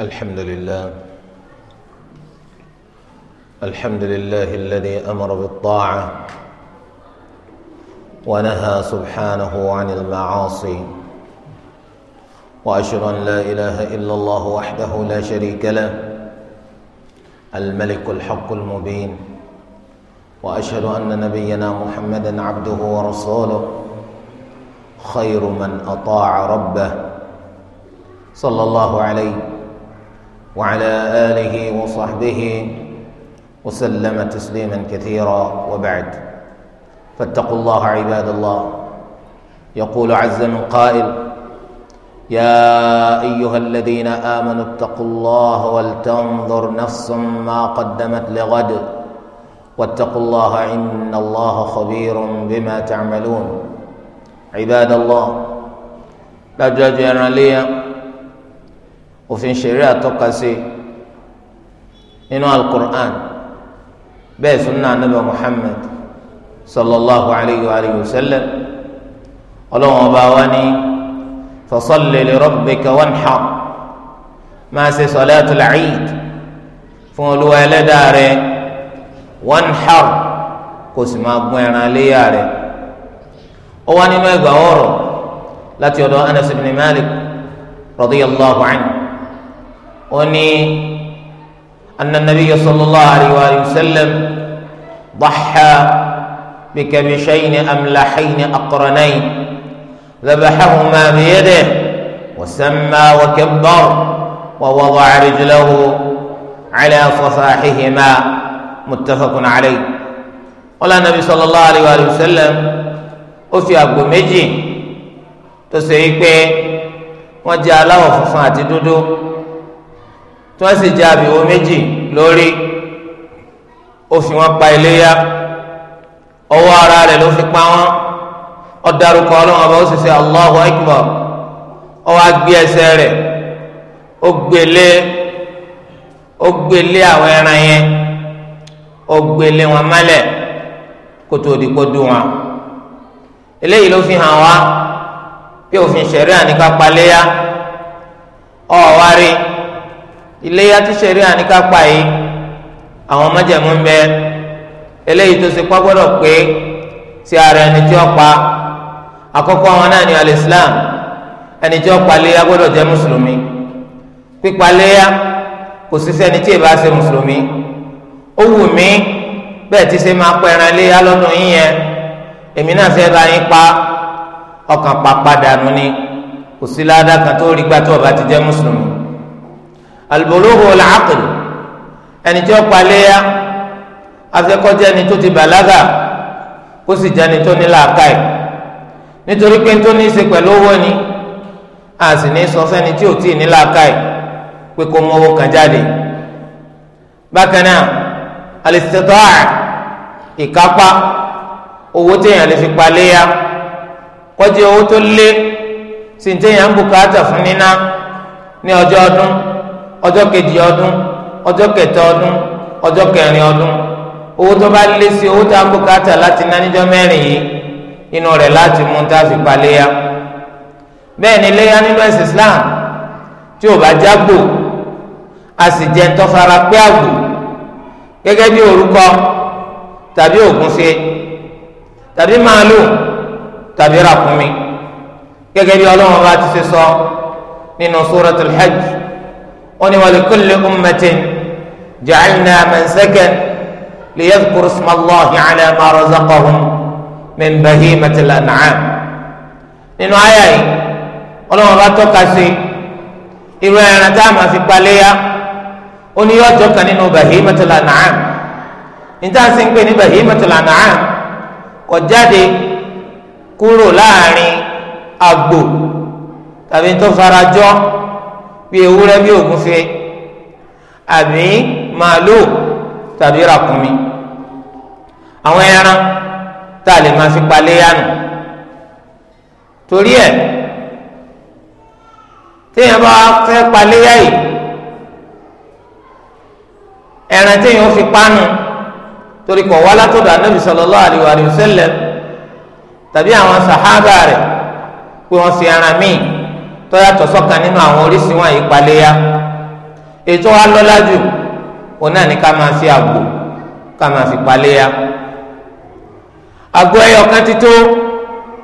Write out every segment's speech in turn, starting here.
الحمد لله الحمد لله الذي امر بالطاعه ونهى سبحانه عن المعاصي واشهد ان لا اله الا الله وحده لا شريك له الملك الحق المبين واشهد ان نبينا محمدا عبده ورسوله خير من اطاع ربه صلى الله عليه وعلى آله وصحبه وسلم تسليما كثيرا وبعد فاتقوا الله عباد الله يقول عز من قائل يا أيها الذين آمنوا اتقوا الله ولتنظر نفس ما قدمت لغد واتقوا الله إن الله خبير بما تعملون عباد الله لا جاجر ليا òfin ṣẹ̀ríà tọ́ka sí nínú alukur'an bẹ́ẹ̀ sunna anabi muhammad sallallahu alayhi wa sallam ọlọ́wọ́n bá wá ní fasalli li rabbika wanhar máa ṣe salatul eid fún olúwa ẹlẹ́dàá rẹ wanhar kò sì máa gún ẹran léyà rẹ ó wá nínú ẹgbàá ọ̀rọ̀ láti ọ̀dọ̀ anas malik radiyallahu anhu. أني أن النبي صلى الله عليه وآله وسلم ضحى بكبشين أملحين أقرنين ذبحهما بيده وسمى وكبر ووضع رجله على صفاحهما متفق عليه قال النبي صلى الله عليه وآله وسلم أفي أبو مجي تسيكي وجعله فصاتي دودو tí wọ́n sì jẹ àbíwọ́ méjì lórí ó fi wọ́n pa iléyà ọwọ́ ara rẹ̀ ló fi pa wọ́n ó dárúkọ ọlọ́run ọba ó sì ṣe Allahu Akbar ó wá gbé ẹsẹ̀ rẹ̀ ó gbélé ó gbélé àwọn ẹran yẹn ó gbélé wọn mọ́lẹ̀ kótó òdìpó dùn wọn eléyìí ló fi hàn wá pé òfin ṣẹ̀ríà ní ká paléyà ọ̀ wá rí iléyà tí sẹ̀rí àníká pa yìí àwọn májẹ̀mú ń bẹ eléyìí tó ṣe pọ́ gbọ́dọ̀ pé ti ara ẹni tí ó pa àkọ́kọ́ àwọn náà ní alìsílám ẹni tí ó pa léyà gbọ́dọ̀ jẹ́ mùsùlùmí pípa léyà kò sí sẹ́ni tí ìbá ṣe mùsùlùmí ó wù mí bẹ́ẹ̀ ti ṣe máa pa ẹran léyà lọ́dún yín yẹn èmi náà fẹ́ bá yín pa ọkàn pàpà dànù ni kò sí ládàá kan tó rí gbà tó o ti jẹ́ mùsùlùmí albolóhùn làákùn ẹni tí ó paléyà afẹ́kọ́jẹ́ ẹni tó ti bàlágà kó sì jẹ́ ẹni tó ní làákàyè nítorí pé tó ní í ṣe pẹ̀lú owó ni a sì ní sọ fẹ́ni tí ò tí ì ní làákàyè pé kó mú owó kan jáde bákan náà alistita'a ìkápá owó téèyàn lè fi paléyà kọjá owó tó lé sí téèyàn ń fún níná ní ọjọ́ ọdún ọjọ́ kejì ọdún ọjọ́ kẹta ọdún ọjọ́ kẹrin ọdún owó tó bá lé sí owó tá a kó káàtà láti ná níjọ́ mẹ́rin yìí inú rẹ̀ láti mú tá a fi paléyà bẹ́ẹ̀ ni léyà nínú ẹ̀sìn Islam tí ò bá jágbò a sì jẹ́ ntọ́fara pé àgbò gẹ́gẹ́ bí orúkọ tàbí ògúnfe tàbí màálù tàbí ràkúnmí gẹ́gẹ́ bí ọlọ́run bá ti ṣe sọ nínú Suratul oni wa likulli ummatin ja'alna mansakan liyadhkuru ismallahi ala ma razaqahum min bahimatil an'am nínú àyà yìí ọlọ́run bá tọ́ka sí irú ẹran tá a máa fi paléyà ó ní yóò jọ kan nínú bahimatul an'am níta sí ń pè ní bahimatul an'am kò jáde kúrò láàrin àgbò bí ewúrẹ́ bí ògúnfe àbí màálù tàbí ràkúnmí àwọn ẹran tá a lè máa fi palẹ̀ yánu torí ẹ̀ téèyàn bá fẹ́ palẹ̀ yá yìí ẹran téèyàn fi pánu torí kọ̀ wá látọ̀dọ̀ anábì sallallahu alaihi wa tàbí àwọn sàhábà rẹ̀ pé wọ́n fi ẹran míì tó yàtọ̀ sọ́kan nínú àwọn oríṣi wọ̀nyí paléyà ètò wa lọ́lá jù òun náà ní ká máa ṣe àgbò ká máa fi paléyà àgbò ẹyọkan ti tó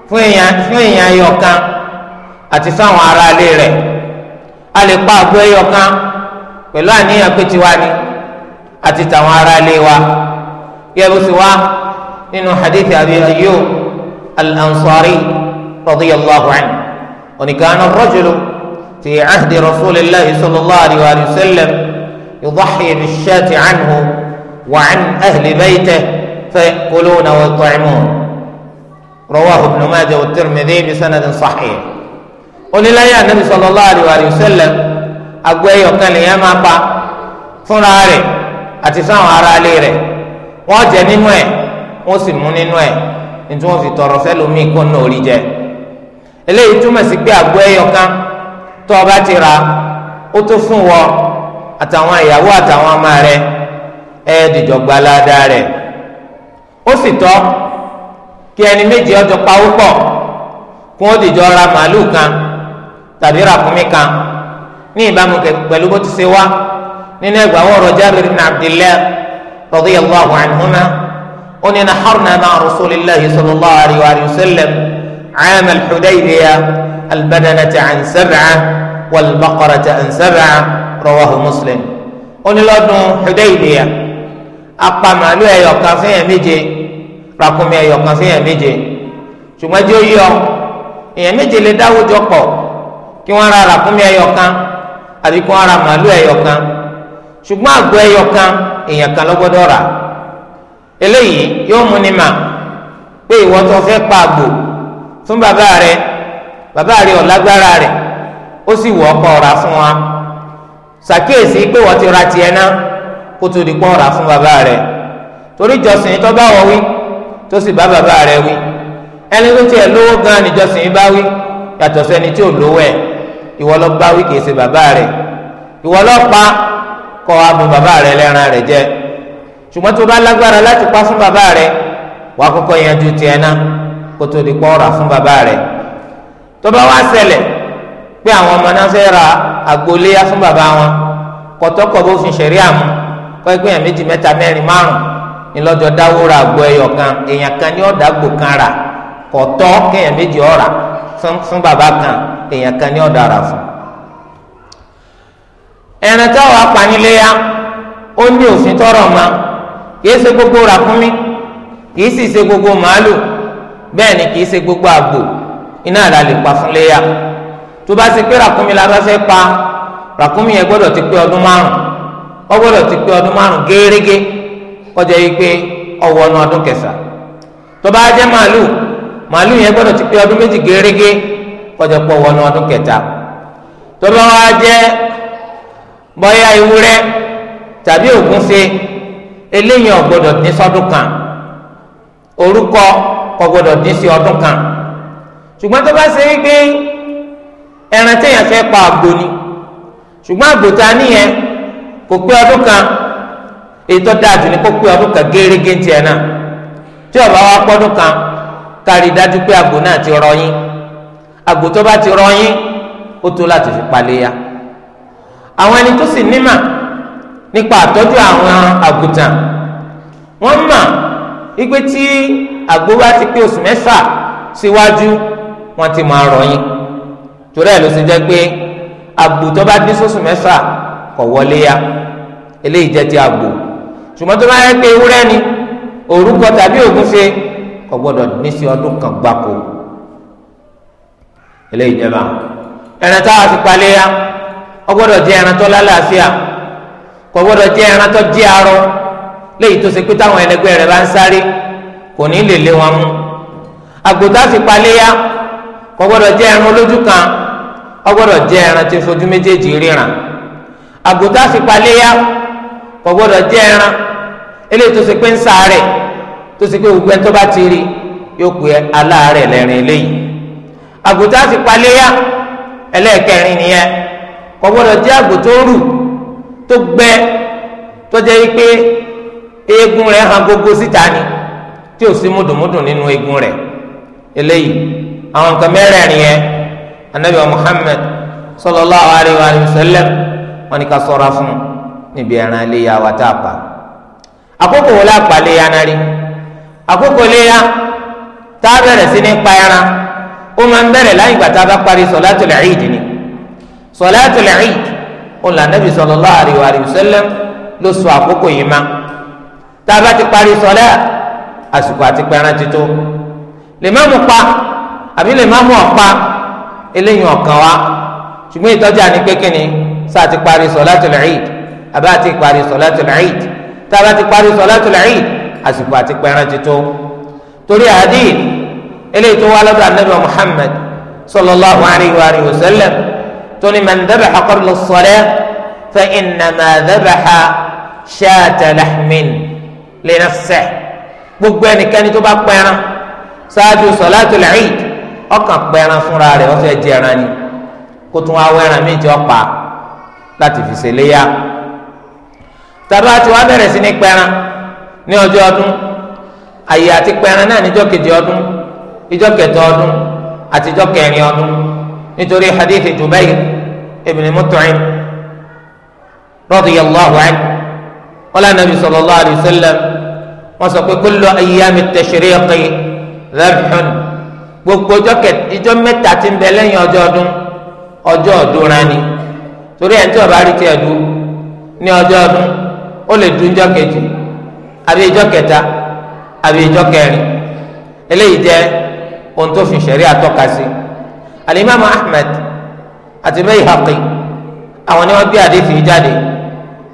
fún èèyàn fún èèyàn ẹyọkan àti fáwọn aráalé rẹ̀ a lè pa àgbò ẹyọkan pẹ̀lú àníyàn pé tiwa ni àti tàwọn aráalé wa yẹ bó ti nínú hadith Abi al-Ansari radiyallahu anhu oníkanu rajulu fi ahdi rasulillahi sallallahu alayhi wa sallam yudhahi bishati anhu wa an ahli baytihi fayakuluna wa yut'imun rawahu ibn majah wa tirmidhi bi sanadin sahih onílàyé anabi sallallahu alayhi wa sallam agbẹ́yọ̀ kan lè yẹn máa pa fúnra rẹ̀ àti fáwọn ará jẹ nínú ẹ̀ wọ́n sì mú nínú ẹ̀ nítorí wọ́n fi tọrọ fẹ́ lómi kó náà orí jẹ eléyìí túmọ̀ sí pé àgbo ẹyọ kan tó o bá ti ra ó tó fún wọ àtàwọn ìyàwó àtàwọn ọmọ rẹ ẹ dìjọ gba ládàá rẹ ó sì tọ́ kí ẹni méjì ọjọ́ pawó pọ̀ kí wọ́n dìjọ ra màálù kan tàbí ràkúnmí kan ní ìbámu pẹ̀lú bó ti ṣe wá nínú ẹgbàá wọ̀rọ̀ Jabir ibn Abdillah radiyallahu anhuma ó ní naharna ma'a rasulillahi sallallahu alayhi wa sallam. عام الحديبية البدنة عن سبعة والبقرة عن سبعة رواه مسلم onílọ́dún Hudaybiya apá màálù ẹ̀yọ̀kan fún èèyàn méje ràkúnmí ẹ̀yọ̀kan fún èèyàn méje ṣùgbọ́n tí ó yọ èèyàn méje lè dáwùjọ pọ̀ kí wọ́n ra ràkúnmí ẹ̀yọ̀kan àbí kí wọ́n ra màálù ẹ̀yọ̀kan ṣùgbọ́n àgbo ẹ̀yọ̀kan èèyàn kan ló gbọ́dọ̀ rà eléyìí yóò mú ni mà pé ìwọ tó fẹ́ pa àgbò fún bàbá rẹ bàbá rẹ ọ̀lágbára rẹ ó sì wọ ọkọ ọ̀rà fún wa ṣàkíyèsí pé wọ́n ti ra tiẹ̀ náà kó tó di pọ́ ọ̀rà fún bàbá rẹ torí jọ̀sìn tó bá wọ wí tó sì bá bàbá rẹ wí ẹni tó tiẹ̀ lówó gan ni jọ̀sìn bá wí yàtọ̀ sẹ́ni tí ò lówó ẹ̀ ìwọ lọ bá wí kìí ṣe bàbá rẹ ìwọ lọ pa kọ́ abùn bàbá rẹ lẹ́ran rẹ jẹ ṣùgbọ́n tó bá lágbára láti pa fún bàbá rẹ wàá kọ́kọ́ yanjú tiẹ̀ náà kó tó di pọ́ ọ̀rà fún bàbá rẹ̀ tó bá wá pé àwọn ọmọ náà fẹ́ ra fún bàbá wọn kọ̀tọ́kọ̀ bó fi ṣẹ̀rí àmú kọ́ ẹgbẹ́ yẹn méjì mẹ́ta mẹ́rin márùn ńlọ́jọ́ dáwó ra àgbo ẹyọ kan èèyàn kan ní ọ̀dà àgbò rà méjì ọ̀rà fún bàbá kan èèyàn kan ní ọ̀dà rà fún. táwọn apaniléyà ó ní ma kì í gbogbo kì í sì ṣe gbogbo màálù bẹ́ẹ̀ ni kì gbogbo àgbò iná àlà lè pa fún léyà tó bá ṣe pé ràkúnmí la bá fẹ́ pa yẹn gbọ́dọ̀ ti pé ọdún márùn ó gbọ́dọ̀ ti pé ọdún márùn gérégé kọjá yìí pé ọwọ́ ọ̀nà ọdún kẹsà tó gbọ́dọ̀ ti pé ọdún méjì gérégé kọjá pé ọwọ́ ọ̀nà ọdún kẹta tó bá wá jẹ́ bọ́yá ewúrẹ́ tàbí eléyìí gbọ́dọ̀ ní sọ́dún kan orúkọ kò gbọdọ̀ dín sí ọdún kan ṣùgbọ́n tó bá ṣe é pé ẹran téèyàn fẹ́ pa àgbò ni ṣùgbọ́n àgbò ta níyẹn kò pé ọdún kan èyí tó dáa jù ní kó pé ọdún kan gérégé tiẹ̀ náà tí ó bá wá pọ́dún kan kárí dájú pé àgbò náà ti rọ yín àgbò tó bá ti rọ yín ó tó láti fi paléya àwọn ẹni tó sì nímà nípa àtọ́jú àwọn àgùntàn wọ́n mà wípé tí àgbo wa ti pé oṣù mẹ́fà síwájú wọ́n ti máa rọ̀ yín torí ẹ̀ ló ṣe jẹ́ pé àgbò tó bá dín sóṣù mẹ́fà kò wọlé ya eléyìí jẹ́ ti àgbò ṣùgbọ́n tó bá yẹ pé ewúrẹ́ ni òrúkọ tàbí ògúnfe kò gbọ́dọ̀ ní sí ọdún kan gbáko eléyìí jẹ́ bá ẹran táwa fi palẹ̀ ya ó gbọ́dọ̀ jẹ́ ẹran tó lálàáfíà kò gbọ́dọ̀ jẹ́ ẹran tó jẹ́ arọ léyìí tó ṣe pé táwọn ẹlẹgbẹ́ rẹ̀ bá ń sáré kò ní lè lé wọn mú àgùntàn sì paléyà kò gbọ́dọ̀ jẹ́ ẹran lójú kan kò gbọ́dọ̀ jẹ́ ẹran tí fojú méjèèjì ríran àgùntàn sì paléyà kò gbọ́dọ̀ jẹ́ ẹran eléyìí tó ṣe pé ń sàárẹ̀ tó ṣe pé gbogbo ẹni tó bá ti rí yóò pè aláàárẹ̀ lẹ́rìn eléyìí àgùntàn sì paléyà ẹlẹ́ẹ̀kẹrin nìyẹn kò gbọ́dọ̀ jẹ́ àgùntàn rù tó gbẹ tó jẹ́ pé eegun rẹ̀ hàn gógó síta ni tí ò sí mùdùmùdù nínú eegun rẹ̀ eléyìí àwọn nǹkan mẹ́rẹ̀ẹ̀rin yẹn anabi wa muhammed sallallahu alayhi wa sallam wọ́n ní ká ṣọ́ra fún níbi ẹran iléyà wa tá a pa àkókò wo lápá léyà náà rí àkókò léyà tá a bẹ̀rẹ̀ sí ní pa ẹran ó máa ń bẹ̀rẹ̀ láyìn ìgbà tá a bá parí sọ̀látùl ìdì ni sọ̀látùl ìdì òun là nàbì sallallahu alayhi wa sallam ló sọ àkókò yìí má tá a bá ti parí sọ̀lá àsìkò àti pẹran ti tó lè má mú pa àbí lè má mú ọ̀pá eléyìí ọ̀kan wa ṣùgbọ́n ìtọ́jà ní pé kíni sáà ti parí sọ̀látùl Eid àbá ti parí sọ̀látùl Eid tá a bá ti parí sọ̀látùl Eid àsìkò àti pẹran ti tó torí hadith eléyìí tó wá lọ́dọ̀ anabi Muhammad sallallahu alayhi wa sallam tóní man dhabaha qabla as-salah fa innama dhabaha shata lahmin li nafsihi gbogbo ẹnikẹ́ni tó bá pẹran ṣáájú sọláàtúl Eid ọkàn pẹran fúnra rẹ̀ wọ́n fẹ́ jẹ ẹran ni kó tún awọ ẹran míì tí ó pa láti fi ṣe léyà tàbá tí wàá bẹ̀rẹ̀ sí ní pẹran ní ọjọ́ ọdún àyè àti pẹran náà níjọ́ kejì ọdún ìjọ́ kẹtọ ọdún àti ìjọ́ kẹrin ọdún nítorí hadithi Jubayr ibn Mut'im radiyallahu anhu qala nabi sallallahu alayhi wa wọ́n sọ pé kullu ayyami tashriqi dhabhun gbogbo ọjọ́ mẹ́ta tí ń bẹ lẹ́yìn ọjọ́ ọdún ọjọ́ ọdún rani torí ẹ̀ ń tí ọba rí tiẹ̀ dú ní ọjọ́ ọdún ó lè dún ijọ́ kejì àbí ijọ́ kẹta àbí ijọ́ kẹrin eléyìí jẹ́ ohun tó fi ṣẹ̀rí àtọ́ka sí alimami ahmed àti Bayhaqi àwọn ni wọ́n gbé àdéhìí jáde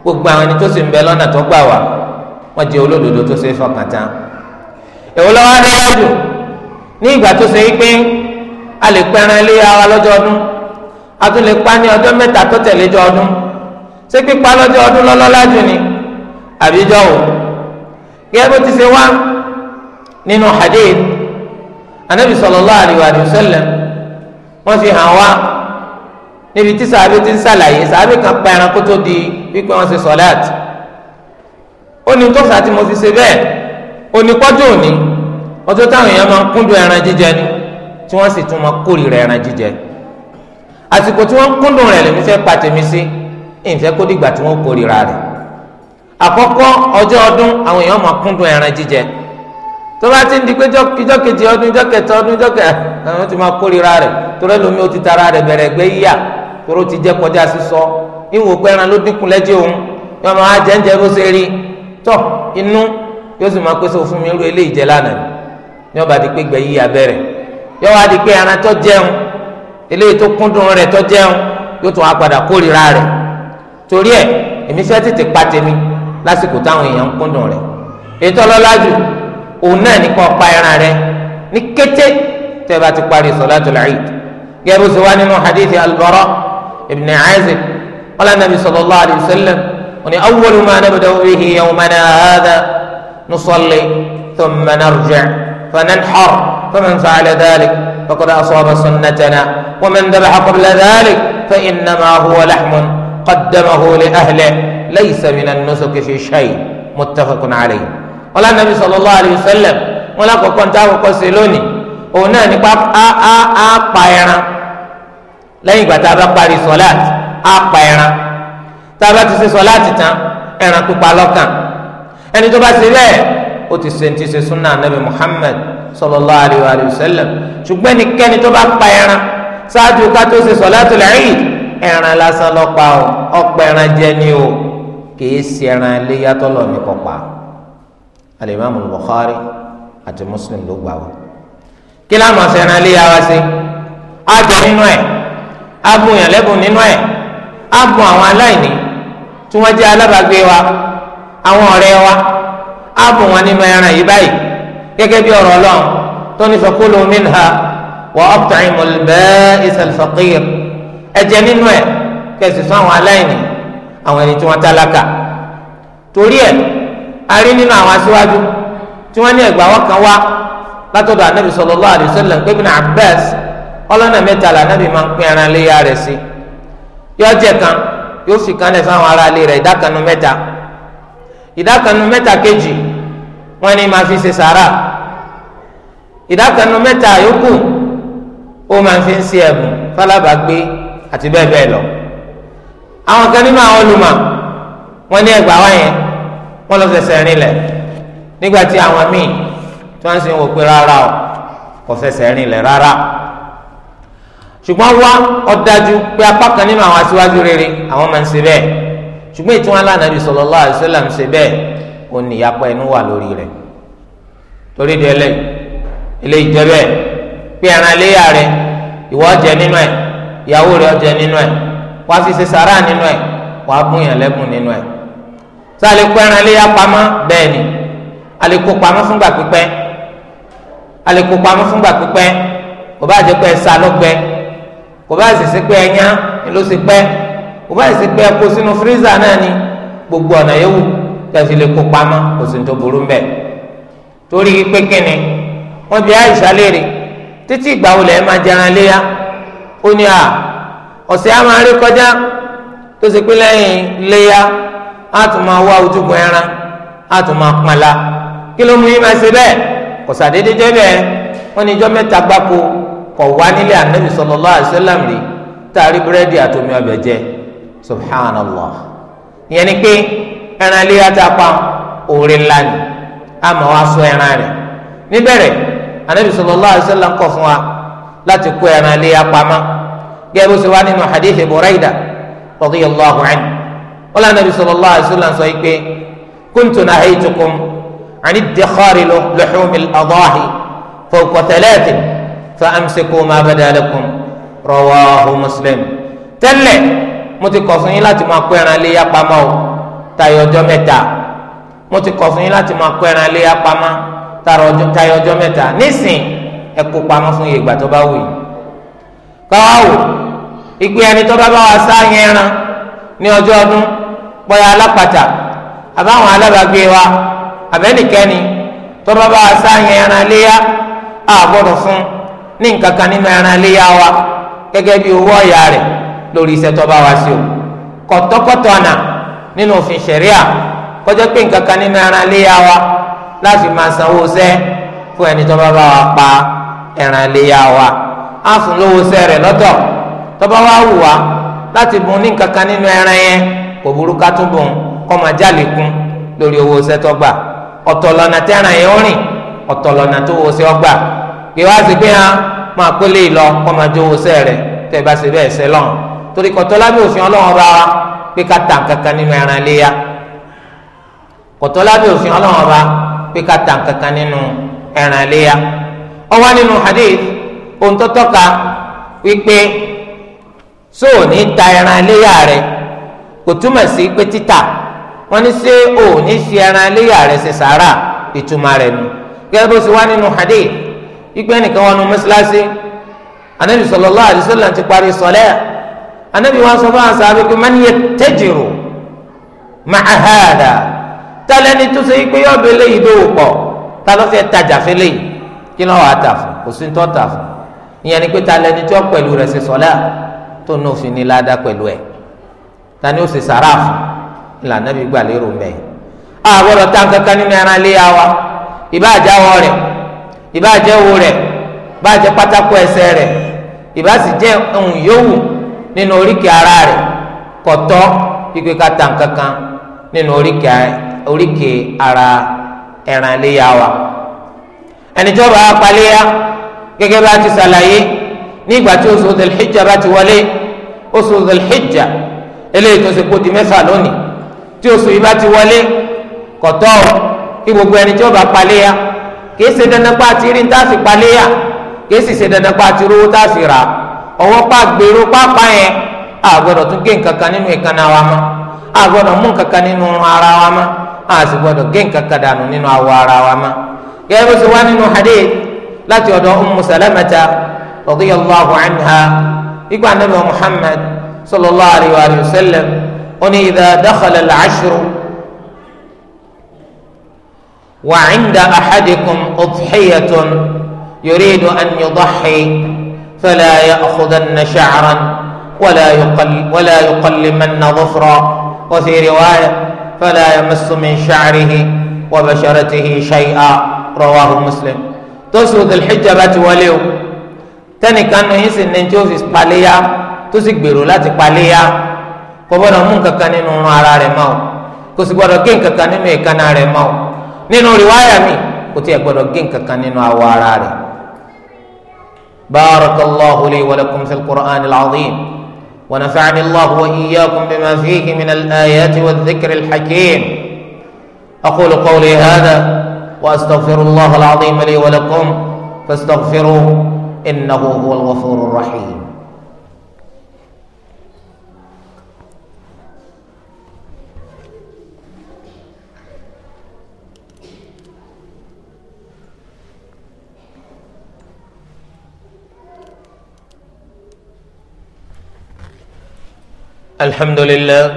gbogbo àwọn ẹni tó sì ń bẹ lọ́nà tó gbà wá wọ́n jẹ́ olódodo tó ṣe é fọkàn tán èwo lọ́wọ́ adéyá jù ní ìgbà tó ṣe pé a lè pẹran iléyá wa lọ́jọ́ ọdún a tún lè pa ní ọjọ́ mẹ́ta tó tẹ̀lé jọ ọdún ṣé pípa lọ́jọ́ ọdún lọ́lọ́lá jù ni àbíjọ́ wò gẹ́gẹ́ bó ti ṣe wá nínú hadith anabi sallallahu alayhi wa sallam wọ́n fi hàn wá níbi tí sàbẹ ti ń ṣàlàyé sàbẹ kan pa ẹran kó tó di wípé wọ́n ṣe sọláàtì ó ní tọ́fà tí mo fi ṣe bẹ́ẹ̀ ó ní pọ́jú òní ọjọ́ táwọn èèyàn máa ń kúndùn ẹran jíjẹ ni tí wọ́n sì tún máa kórìíra ẹran jíjẹ àsìkò tí wọ́n ń kúndùn rẹ̀ lèmi fẹ́ pa tèmi sí ìfẹ́ kó dìgbà tí wọ́n kórìíra rẹ̀ àkọ́kọ́ ọjọ́ ọdún àwọn ti ń di pé kejì ọdún kẹta ọdún ti máa ti tara rẹ̀ bẹ̀rẹ̀ gbé yíyà torí tọ́ inú yóò sì máa pèsè fún mi irú eléyìí jẹ lánàá ni yóò bá di pé gbẹ̀yìn yà bẹ̀rẹ̀ yóò wá di pé ẹran tó jẹun eléyìí tó kúndùn rẹ̀ tó jẹun yóò tún wá padà kórìíra rẹ̀ torí ẹ̀ èmi fẹ́ tètè pa tèmi lásìkò táwọn èèyàn ń kúndùn rẹ̀ ètò ọlọ́lájú òun náà ní kó pa ẹran rẹ̀ ní kété tẹ́ bá ti parí sọ̀látùl Eid gẹ́gẹ́ bó ṣe wá nínú hadithi al ibn Azib wala nabi sallallahu alayhi wa وني أول ما نبدأ به يومنا هذا نصلي ثم نرجع فننحر فمن فعل ذلك فقد أصاب سنتنا ومن ذبح قبل ذلك فإنما هو لحم قدمه لأهله ليس من النسك في شيء متفق عليه قال النبي صلى الله عليه وسلم ولا كنت أقول لوني هنا نقاب آ آ آ بايرا لين قتابة باري صلاة آ بايرا tá a bá ti ṣe sọ láti tán ẹran pípa lọ́kàn ẹni tó bá ṣe bẹ́ẹ̀ ó ti ṣe ti ṣe súnà anabi Muhammad sallallahu alayhi wa sallam ṣùgbọ́n ẹnikẹ́ni tó bá pa ẹran ṣáájú ká tó ṣe solatul Eid ẹran lásán lọ́pa o ọ̀pọ̀ ẹran jẹ ni o kìí ṣe ẹran iléyàtọ̀ lọ ní kọpa alimami Bukhari àti Muslim ló gbà wá kí láwọn ọ̀sẹ̀ ẹran iléyàwó ṣe á jẹ nínú ẹ̀ á bùn yàn nínú ẹ̀ á bùn àwọn aláìní tí wọ́n jẹ́ alábàágbé wa àwọn ọ̀rẹ́ wa á bùn wọn nínú ẹran yìí báyìí gẹ́gẹ́ bí ọ̀rọ̀ Ọlọ́run tó ní fakulu minha wa at'imul ba'is al-faqir ẹ jẹ nínú ẹ̀ kẹsì fún àwọn aláìní àwọn ẹni tí wọ́n tálákà torí ẹ̀ a nínú àwọn aṣíwájú tí wọ́n ní ẹ̀gbà wọn kan wá látọ̀dọ̀ anabi sallallahu alayhi wa sallam pé ibn Abbas ọlọ́nà mẹ́ta là anabi máa ń pín ẹran léyà rẹ̀ sí yọjẹ kan yóò sì kan lẹ̀ fáwọn aráalé rẹ̀ ìdákanu mẹ́ta ìdákanu mẹ́ta kejì wọ́n ní máa fi ṣe sàrà ìdákanu mẹ́ta yòókù ó máa fi ń ṣe ẹ̀bùn falábàgbé àti bẹ́ẹ̀ bẹ́ẹ̀ lọ àwọn kan nínú àwọn olùmọ̀ wọ́n ní ẹgbàá wáyẹn wọ́n lọ fẹsẹ̀ rinlẹ̀ nígbà tí àwọn míì tí wọ́n sì ń wò pé rárá o kò fẹsẹ̀ rinlẹ̀ rárá ṣùgbọ́n wá ọ̀dájú pé apá kan nínú àwọn aṣíwájú rere àwọn máa ń ṣe bẹ́ẹ̀ ṣùgbọ́n ìtún alánàbì sallallahu alaihi wasallam ń ṣe bẹ́ẹ̀ ó ní ìyapa ẹnu wà lórí rẹ̀ torí di ẹlẹ́ ilé ìjẹ́ bẹ́ẹ̀ pé ẹran iléyà rẹ ìwọ jẹ nínú ẹ̀ ìyàwó rẹ jẹ nínú ẹ̀ wàá fi ṣe sàrà nínú ẹ̀ wàá bùn yàn lẹ́bùn nínú ẹ̀ sá lè kó ẹran iléyà pamọ́ bẹ́ẹ̀ ni a pamọ́ fúngbà pípẹ́ a pamọ́ kò bá ṣèṣe pé ẹyán ni ló ṣe pẹ́ kò bá ṣèṣe pé ẹkọ sínú fírísà náà ni gbogbo ọ̀nà yòówù kẹfì lè kó pamọ́ kò sì ń tó burú mbẹ́ torí pé kíni wọ́n bí Àìṣà léèrè títí ìgbà wo lẹ́ẹ̀ máa jẹran léyà ó ní à ọ̀sẹ̀ á máa rí kọjá tó ṣe pé lẹ́yìn léyà á tún máa wá ojúgun ẹran á tún máa pọn la kí ló mú yín máa ṣe bẹ́ẹ̀ kò sàdédé jẹ́ bẹ́ẹ̀ wọ́n ní ijọ́ mẹ́ta gbáko kọ̀ wá nílé anabi sallallahu alaihi wasallam rí tààrí búrẹ́dì àtòmí ọbẹ̀ jẹ subhanallah ìyẹn ni pé ẹran iléyà tá a pa òòrè ńlá ni a máa wá sọ ẹran rẹ̀ níbẹ̀rẹ̀ anabi sallallahu alaihi wasallam fún wa láti kó ẹran iléyà pamọ́ gẹ́gẹ́ bó ṣe wá nínú hadith Burayda radiyallahu anhu wala anabi sallallahu alaihi wasallam sọ yìí pé kuntu nahaytukum ani dèkọ́rì luhumil adahi fawqa thalathin. فأمسكوا ما بدا لكم رواه مسلم tẹ́lẹ̀ mo ti kọ̀ fún yín láti máa kó ẹran iléyá pamọ́ o tayọ ọjọ́ mẹ́ta mo ti kọ̀ fún yín láti máa kó ẹran iléyá pamọ́ tayọ ọjọ́ mẹ́ta nísìn ẹ kó pamọ́ fún iye ìgbà tó bá wù yín. káwá wò ìpè ẹni tó bá bá wa sá yẹn ẹran ní ọjọ́ ọdún bóyá alápàtà àbáwọn alábàágbé wa àbẹ́nìkẹ́ni tó bá bá wa sá yẹn ẹran iléyá àgbọ̀dọ̀ fún ní nǹkan kan nínú ẹran iléyà wa gẹ́gẹ́ bí owó ọ̀yà rẹ̀ lórí iṣẹ́ tó bá wa sí o kọ̀tọ́kọ̀tọ̀ ọ̀nà nínú òfin ṣẹ̀ríà kọjá pé nǹkan kan nínú ẹran iléyà wa láti máa sanwó sẹ́ fún ẹni tó bá bá wa pa ẹran iléyà wa á fún lówó sẹ́ rẹ̀ lọ́tọ̀ tó bá wa wù wá láti bùn ní nǹkan nínú ẹran yẹn kò burú ká tún bùn kọ́ máa jáde kún lórí owó sẹ́ tó gbà ọ̀tọ̀ lọ́nà tẹ́ràn yẹn ó rìn ọ̀tọ̀ lọ́nà tó wọ́ sẹ́ ọgbà kí wá sí pé hàn máa kó lè lọ kó máa jó owó sẹ́ẹ̀ rẹ̀ tẹ́ ẹ bá ṣe bẹ́ẹ̀ sẹ́ lọ́run torí kọ̀tọ́ lábẹ́ òfin ọlọ́run bá wa pé ká tà kankan nínú ẹran léya kọ̀tọ́ lábẹ́ òfin ọlọ́run bá pé ká tà kankan nínú ẹran léya ó wà nínú hadith ohun tó tọ́ka wípé sóò ní ta ẹran léya rẹ̀ kò túmọ̀ sí pé títà wọ́n ní ṣé o ò ní fi ẹran léyà rẹ̀ ṣe sàárà ìtumọ̀ rẹ̀ nù gẹ́gẹ́ bó ṣe wá nínú hadith ìgbẹ́ nìkan wọn nu mọ́sálásí anabi sallallahu alaihi wasallam ti parí sọlẹ́ anabi wọn sọ fún àwọn sábẹ́ pé man yattajiru ma'a hada tálẹ́ni tó ṣe pé yóò bẹ léyìí dówó pọ̀ ta ló fẹ́ tajà fẹ́ léyìí kí ló wàá tà fún kò sí ní tó tà fún ìyẹn ni pé tálẹ́ni tó pẹ̀lú rẹ̀ ṣe sọlẹ́ tó ní òfin ní ládàá pẹ̀lú ẹ̀ tani ó ṣe sàrà fún ìlànà bí gbà lérò mẹ́ẹ̀ àwòrán tá nǹkan kan nínú ẹran wa ìbá àjáwọ́ rẹ̀ ìbá jẹ́ owó rẹ̀ ìbá jẹ́ pátákó ẹsẹ̀ rẹ̀ ìbá sì jẹ́ ohun yòówù nínú oríkèé ara rẹ̀ kọ̀tọ́ pípé ká ta nǹkan kan nínú oríkèé ara ẹran iléyà wa ẹnìjọba apaléyà gẹ́gẹ́ bá ti ṣàlàyé nígbà tí oṣù Dhul-Hijjah bá ti wọlé oṣù Dhul-Hijjah eléyìí tó ṣe kó di mẹ́fà lónìí tí oṣù yìí bá ti wọlé kọ̀tọ́ kí gbogbo ẹnìjọba apaléyà kìí ṣe dandan pa àti rí tá a sì paléyà kìí sì ṣe dandan pa àti rówó tá a sì rà ọwọ́ pa gbèrò pápá yẹn a gbọ́dọ̀ tún gé nǹkan kan nínú ìkànnà wa mọ́ a gbọ́dọ̀ mú nǹkan kan nínú ara wa mọ́ a sì gbọ́dọ̀ gé nǹkan kan dànù nínú awọ ara wa mọ́ gẹ́gẹ́ bó ṣe wá nínú hadith láti ọ̀dọ̀ Ummu Salamata radiyallahu anha igba anabi Muhammad sallallahu alayhi wa sallam ó ní idha dakhala وعند أحدكم أضحية يريد أن يضحي فلا يأخذن شعرا ولا يقل ولا يقلمن ظفرا وفي رواية فلا يمس من شعره وبشرته شيئا رواه مسلم تسود الحجبة وليو تاني كان يس ننجو في سباليا تسيك برولاتي باليا كبرا منك كان ينون على رماو كسي برا كينك كان ينون على رماو nínú riwaya mi kò tí ẹ gbọ́dọ̀ gé nǹkankan nínú awọ ara rẹ̀ barakallahu li wa lakum fil qur'an al-azim wa nafa'ani allahu wa iyyakum bima fihi min al-ayati wa dhikr al-hakim aqulu qawli hadha wa astaghfirullah al-azim li wa lakum fastaghfiruhu innahu huwa al-ghafurur rahim. الحمد لله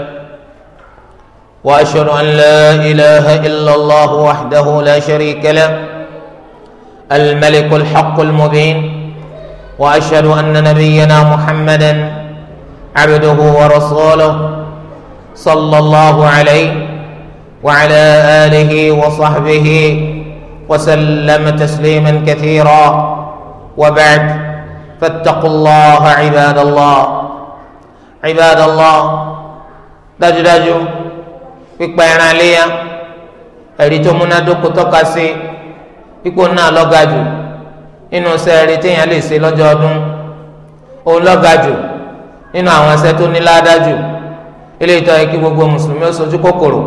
واشهد ان لا اله الا الله وحده لا شريك له الملك الحق المبين واشهد ان نبينا محمدا عبده ورسوله صلى الله عليه وعلى اله وصحبه وسلم تسليما كثيرا وبعد فاتقوا الله عباد الله Ibadallah dájúdájú pípa ẹran léyà ẹ̀rí tó múnádóko tọka sí pípò náà lọ́gàjù nínú sẹ́ẹ̀rí téèyàn lè ṣe lọ́jọ́ ọdún òun lọ́gàjù nínú àwọn ẹsẹ tó ní ládájù ilé ìtọ́ yẹ gbogbo mùsùlùmí ó sojú kòkòrò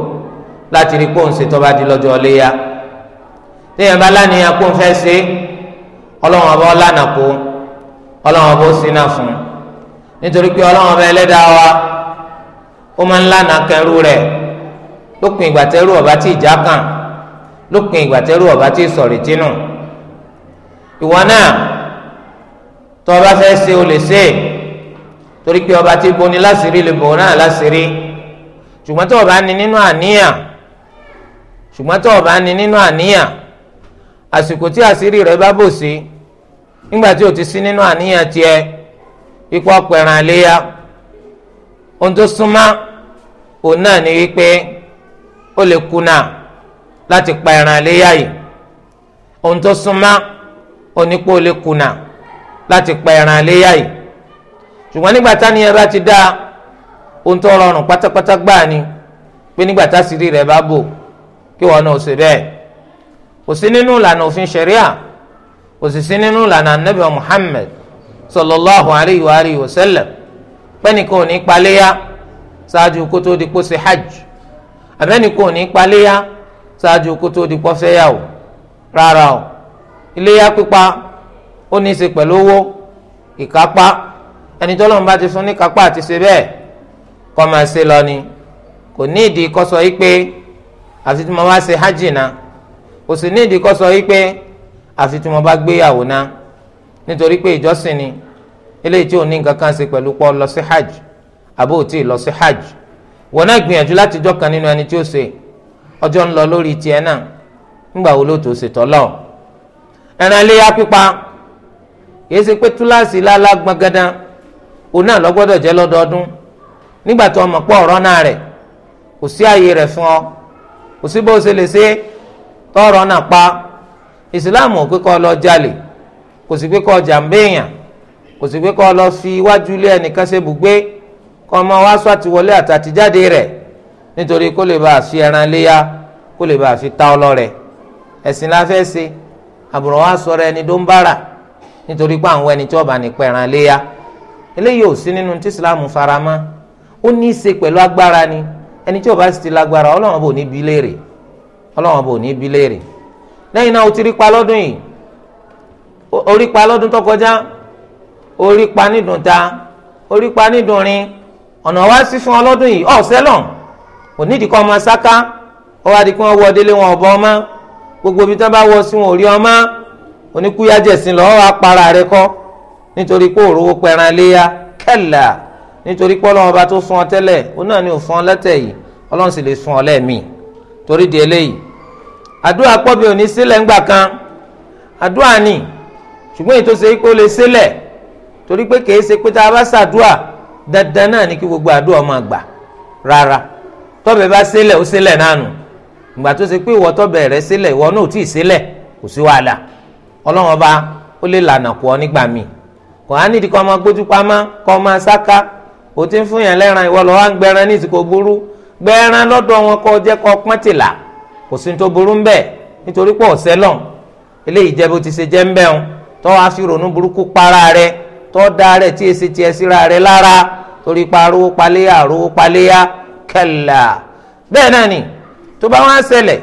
láti rí pòun ṣe tọ́ba di lọ́jọ́ téèyàn bá lánìyàn pòun fẹ́ ṣe ọlànà kó sínà fún un nítorí pé ọlọ́run ọba ẹlẹ́dàá wa ó máa ń lànà kẹrù rẹ̀ lópin ìgbà tẹ́rù ọba tí ìjà kàn lópin ìgbà tẹ́rù ọba tí ìsọ̀rì tínú ìwọ náà tó ọba fẹ́ ṣe o lè ṣe torí pé ọba tí boni láṣìírí lè bò náà láṣìírí ṣùgbọ́n tó ọba ní nínú àníyàn ṣùgbọ́n tó ọba ní nínú àníyàn àsìkò tí àṣírí rẹ̀ bá bò sí nígbà tí o ti sí nínú àníyàn tiẹ̀ ikú ọ̀pẹ̀ràn àléyá ohun tó súnmọ́ òun náà ni wípé ó lè kùnà láti pa ẹran àléyá yìí ohun tó súnmọ́ onípò lè kùnà láti pa ẹran àléyá yìí ṣùgbọ́n nígbà tá niyẹn bá ti dá ohun tó rọrùn pátápátá gbáà ni pé nígbà tá sírí rẹ̀ bá bò kí wọn náà ṣe bẹ́ẹ̀ kò sí nínú ìlànà òfin ṣẹ̀ríà kò sì sí nínú ìlànà ànábì Muhammad sallallahu alayhi wa alihi wa sallam pẹ́nìkan ò ní paléyà ṣáájú kó tó di kó ṣe hajj àbẹ́nìkan ò ní paléyà ṣáájú kó tó di kó fẹ́yàwó rárá o iléyà pípa ó ní í ṣe pẹ̀lú owó ìkápá ẹni tó lọ́nà bá ti fún ní kápá àti ṣe bẹ́ẹ̀ kọ́ máa ṣe lọ ni kò ní ìdí kó yìí pé àfi tí mo bá ṣe hajj náà kò sì ní ìdí kó yìí pé àfi tí mo bá gbéyàwó náà. nítorí pé ìjọsìn ni eléyìí tí ò ní nǹkan kan ṣe pẹ̀lú pọ́ lọ sí hajj àbó tí ì hajj wọn náà gbìyànjú láti jọ́ kan nínú ẹni tí ó ṣe ọjọ́ ń lọ lórí tiẹ̀ náà ńgbà wo ló tó ṣètọ́ lọ. ẹran iléyà pípa kìí ṣe pé túláàsì lálágbọ́n òun náà lọ́gbọ́dọ̀ jẹ́ lọ́dọọdún nígbà tó ọmọ pọ̀ ọ̀rọ̀ náà rẹ̀ kò sí ààyè rẹ̀ fún ọ kò sí bó ṣe lè ṣe pa ìsìláàmù kọ́ kò sì pé kọ́ ọjà ń béèyàn kò sì pé kọ́ ọ lọ fi iwájú ilé ẹnìkan ṣe bùgbé kọ́ ọmọ wa sọ àtiwọlé àtàtijáde rẹ̀ nítorí kó lè bàa fi ẹran léyà kó lè bàa fi ta ọlọ́rẹ̀ ẹ̀sìn la fẹ́ ṣe àbùrọ̀ wa sọ̀rọ̀ ẹni tó ń bára nítorí pé àwọn ẹni tí wọ́n bá ní pẹ̀ràn léyà eléyìí ò sí nínú tí Islam faramọ́ ó ní í ṣe pẹ̀lú agbára ni ẹni tí ó bá sì ti lágbára ọlọ́run bò ní bí léèrè ọlọ́run bò ní bí léèrè lẹ́yìn náà ó ti rí pa lọ́dún yìí orí pa lọ́dún tó kọjá orí pa nídùn ta orí pa nídùn rin ọ̀nà wá sísun ọlọ́dún yìí ọ̀sẹ́lọ̀ kò nídìí kọ́ ọmọ sáká ọwọ́ adi kí wọ́n wọ délé wọn ọ̀bọ ọmọ gbogbo ibi tí wọ́n bá wọ sí wọn ò rí ọmọ oníkúyájẹ̀sìn lọ́wọ́ apara rẹ kọ́ nítorí pé òróró pẹran léya kẹ́là nítorí pé ọlọ́run ọba tó fún ọ tẹ́lẹ̀ òun náà ni ò fún ọ lẹ́tẹ̀ yìí ọlọ́run sì lè fún ọ lẹ́ẹ̀mí torí di eléyìí àdúrà pọ̀ bí òní sílẹ̀ ńgbà kan àdúrà ni ṣùgbọ́n èyí tó ṣe pé ó lè ṣẹlẹ̀ torí pé kìí ṣe pé tá a bá ṣàdúà dandan náà ni kí gbogbo àdúà máa gbà rárá tọ́bẹ̀ bá ṣẹlẹ̀ ó ṣẹlẹ̀ nánu ìgbà tó ṣe pé ìwọ tọ́bẹ̀ rẹ ṣẹlẹ̀ ìwọ náà ò tí ṣẹlẹ̀ kò sí wàhálà ó lè lànà kú ọ nígbà míì kò á nídìí fún yàn lẹ́ran ìwọ lọ́wọ́ gbẹran tó wá fi ronú burúkú para rẹ tó da rẹ tí èsì tiẹ̀ síra rẹ lára torí pa arówó paléyà arówó paléyà kẹlà bẹ́ẹ̀ náà ni tó bá wá ṣẹlẹ̀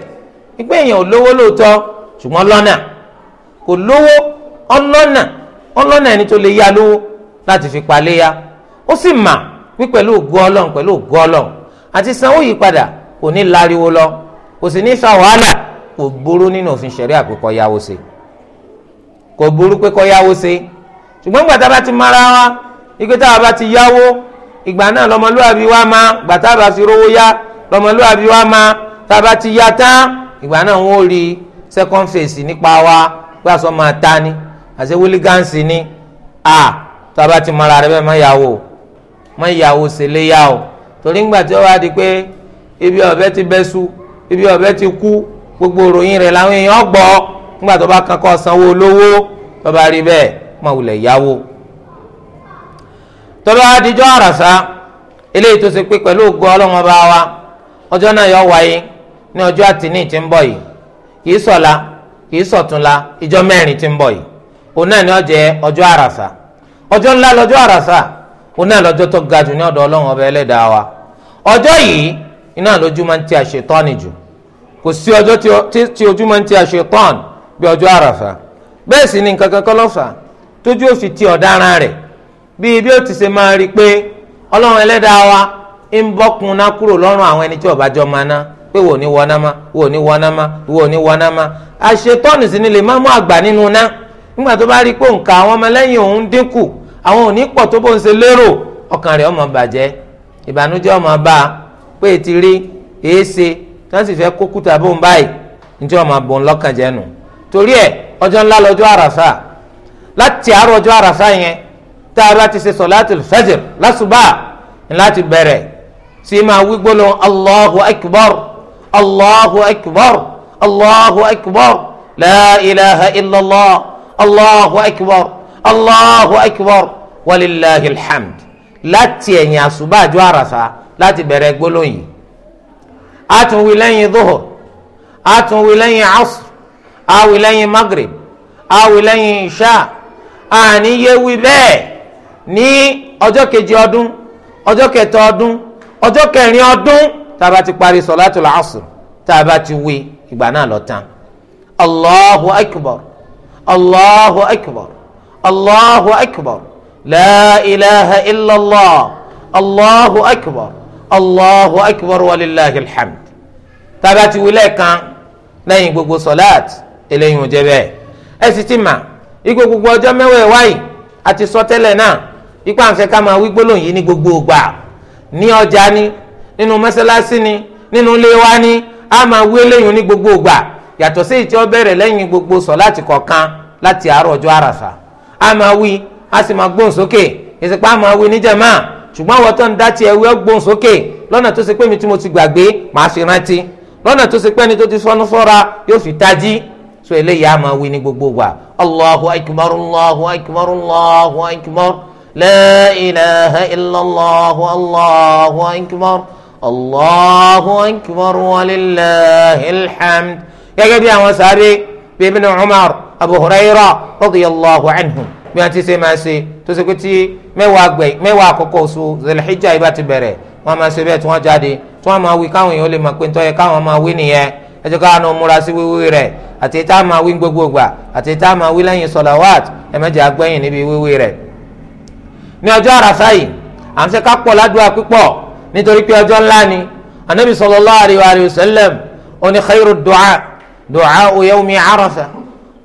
ìpé èèyàn ò lówó lóòótọ́ ṣùgbọ́n lọ́nà kò lówó ọlọ́nà ọlọ́nà ẹni tó lè yá lówó láti fi paléyà ó sì mà wí pẹ̀lú ògùn ọlọ́run pẹ̀lú ògùn ọlọ́run àti sanwó yìí padà kò ní láriwo lọ kò sì ní fa wàhálà kò gbóró nínú òfin ṣẹ̀rí àpékọ́ yáwó sí i kò burú pé kọ́ yáwó ṣe ṣùgbọ́n gbàtà bá ti mara wa ike tá a bá ti yáwó ìgbà náà lọ́mọlúwàbí wa máa gbàtà bá fi rówó yá lọ́mọlúwàbí wa máa tá a bá ti yá tán ìgbà náà wọ́n rí second phase nípa wa pé àṣọ máa ta ni àṣẹ wílígánsì ni a tá a bá ti mara rẹ bẹ́ẹ̀ má yáwó má yáwó ṣe léyà o torí ńgbà tí ó wá di pé ibi ọ̀bẹ ti bẹ́ su ibi ọ̀bẹ ti kú gbogbo ìròyìn rẹ̀ làwọn èèyàn gbọ́ ńgbà tó bá kan kọ́ sanwó lówó tó bá rí bẹ́ẹ̀ má wulẹ̀ yáwó. tó bá adijọ́ àràsá eléyìí tó ṣe pé pẹ̀lú ògo ọlọ́wọ́n bá wa ọjọ́ náà yọ wáyé ní ọjọ́ àtìní tí ń bọ̀ yìí kì í sọ̀la kì í sọ̀túnla ìjọ mẹ́rin tí ń bọ̀ yìí òun náà ni ó jẹ́ ọjọ́ àràsà ọjọ́ ńlá lọ́jọ́ àràsà òun náà lọ́jọ́ tó ga jù ní ọ̀dọ̀ ọlọ́run ọba ẹlẹ́dàá wa ọjọ́ yìí iná lójú máa ń ti àṣetán nìjù kò sí ọjọ́ tí ojú máa ń ti àṣetán bí ọjọ́ àràfà bẹ́ẹ̀ sì ni nǹkan kan lọ́fà tójú ti ọ̀daràn rẹ̀ bí bí ó ti ṣe máa rí i pé ọlọ́run ẹlẹ́dàá wa ń bọ́kun kúrò lọ́rùn àwọn ẹni tí ó bá jọ máa ná pé wò ní má wò ní má wò ní má àṣetọ́nù ni lè má mú ṣe lérò ọmọ ọmọ bá a pé ti rí tí wọ́n sì fẹ́ kókúta bóun báyìí torí ẹ ọjọ́ ńlá lọ́jọ́ àràsà láti àárọ̀ ọjọ́ àràsà yẹn tá a bá ti ṣe sọ̀láàtì fẹ́jìr lásùbà láti bẹ̀rẹ̀ sí máa wí gbólóhùn allahu akbar allahu akbar allahu akbar la ilaha illallah allahu akbar allahu akbar walillahi alhamd láti ẹ̀yìn àsùbà àjọ àràsà láti bẹ̀rẹ̀ gbólóhùn yìí a tún wí àwì lẹ́yìn Maghrib àwì lẹ́yìn Isha àníyéwì bẹ́ẹ̀ ní ọjọ́ kejì ọdún ọjọ́ kẹta ọdún ọjọ́ kẹrin ọdún tàbá ti parí sọ̀látùl Asr tàbá ti wí ìgbà náà lọ tán Allahu akbar Allahu akbar Allahu akbar la ilaha illallah Allahu akbar Allahu akbar walillahil hamd tàbá ti wí lẹ́ẹ̀kan lẹ́yìn gbogbo sọ̀látù. eléyìí ò jẹ́ bẹ́ẹ̀ ẹ sì ti mà igbó gbogbo ọjọ́ mẹ́wàá ìwáyìí àti sọtẹ́lẹ̀ náà ipá àǹfẹ́ ká máa wí gbólóhùn yìí ní gbogbo ìgbà ní ọjà ni nínú mọ́sálásí ni nínú ilé wa ni a máa wí eléyìí ní gbogbo ìgbà yàtọ̀ sí ìtí ọ bẹ̀rẹ̀ lẹ́yìn gbogbo sọ láti kọ̀ọ̀kan láti àárọ̀ ọjọ́ àràfà a máa wí a sì máa gbóhùn sókè ìsìnkú a máa wí ṣùgbọ́n àwọn tó ń dá tiẹ̀ wí mo ti gbàgbé màá fi rántí lọ́nà tó ṣe pé ẹni ti fọ́nú fọ́ra yóò fi tají so eléyìí a máa wí ní gbogbo wa allahu akbar allahu akbar allahu akbar la ilaha illallah allahu akbar allahu akbar walillahi alhamd gẹ́gẹ́ bí àwọn sáré bíi ibn umar abu huraira radiyallahu anhum bí wọ́n ti ṣe máa ṣe tó ṣe pé tí mẹ́wàá àkọ́kọ́ oṣù zalhijjah ibà ti bẹ̀rẹ̀ wọ́n máa ṣe bẹ́ẹ̀ tí wọ́n jáde tí wọ́n máa wí káwọn èèyàn lè máa pé ń yẹ káwọn máa wí nìyẹn ẹ jẹ́ ká àánú múra sí wíwí rẹ̀ àti tá a máa wí gbogbo gbà àti tá a máa wí lẹ́yìn sọ̀làwàt ẹ má jẹ́ agbẹ́yìn níbi wíwí rẹ̀. ní ọjọ́ àràfá yìí à ń ṣe ká pọ̀ ládùúgbà pípọ̀ nítorí pé ọjọ́ ńlá ni anabi sallallahu alayhi wa sallam oní khayru du'a du'a yawmi arafa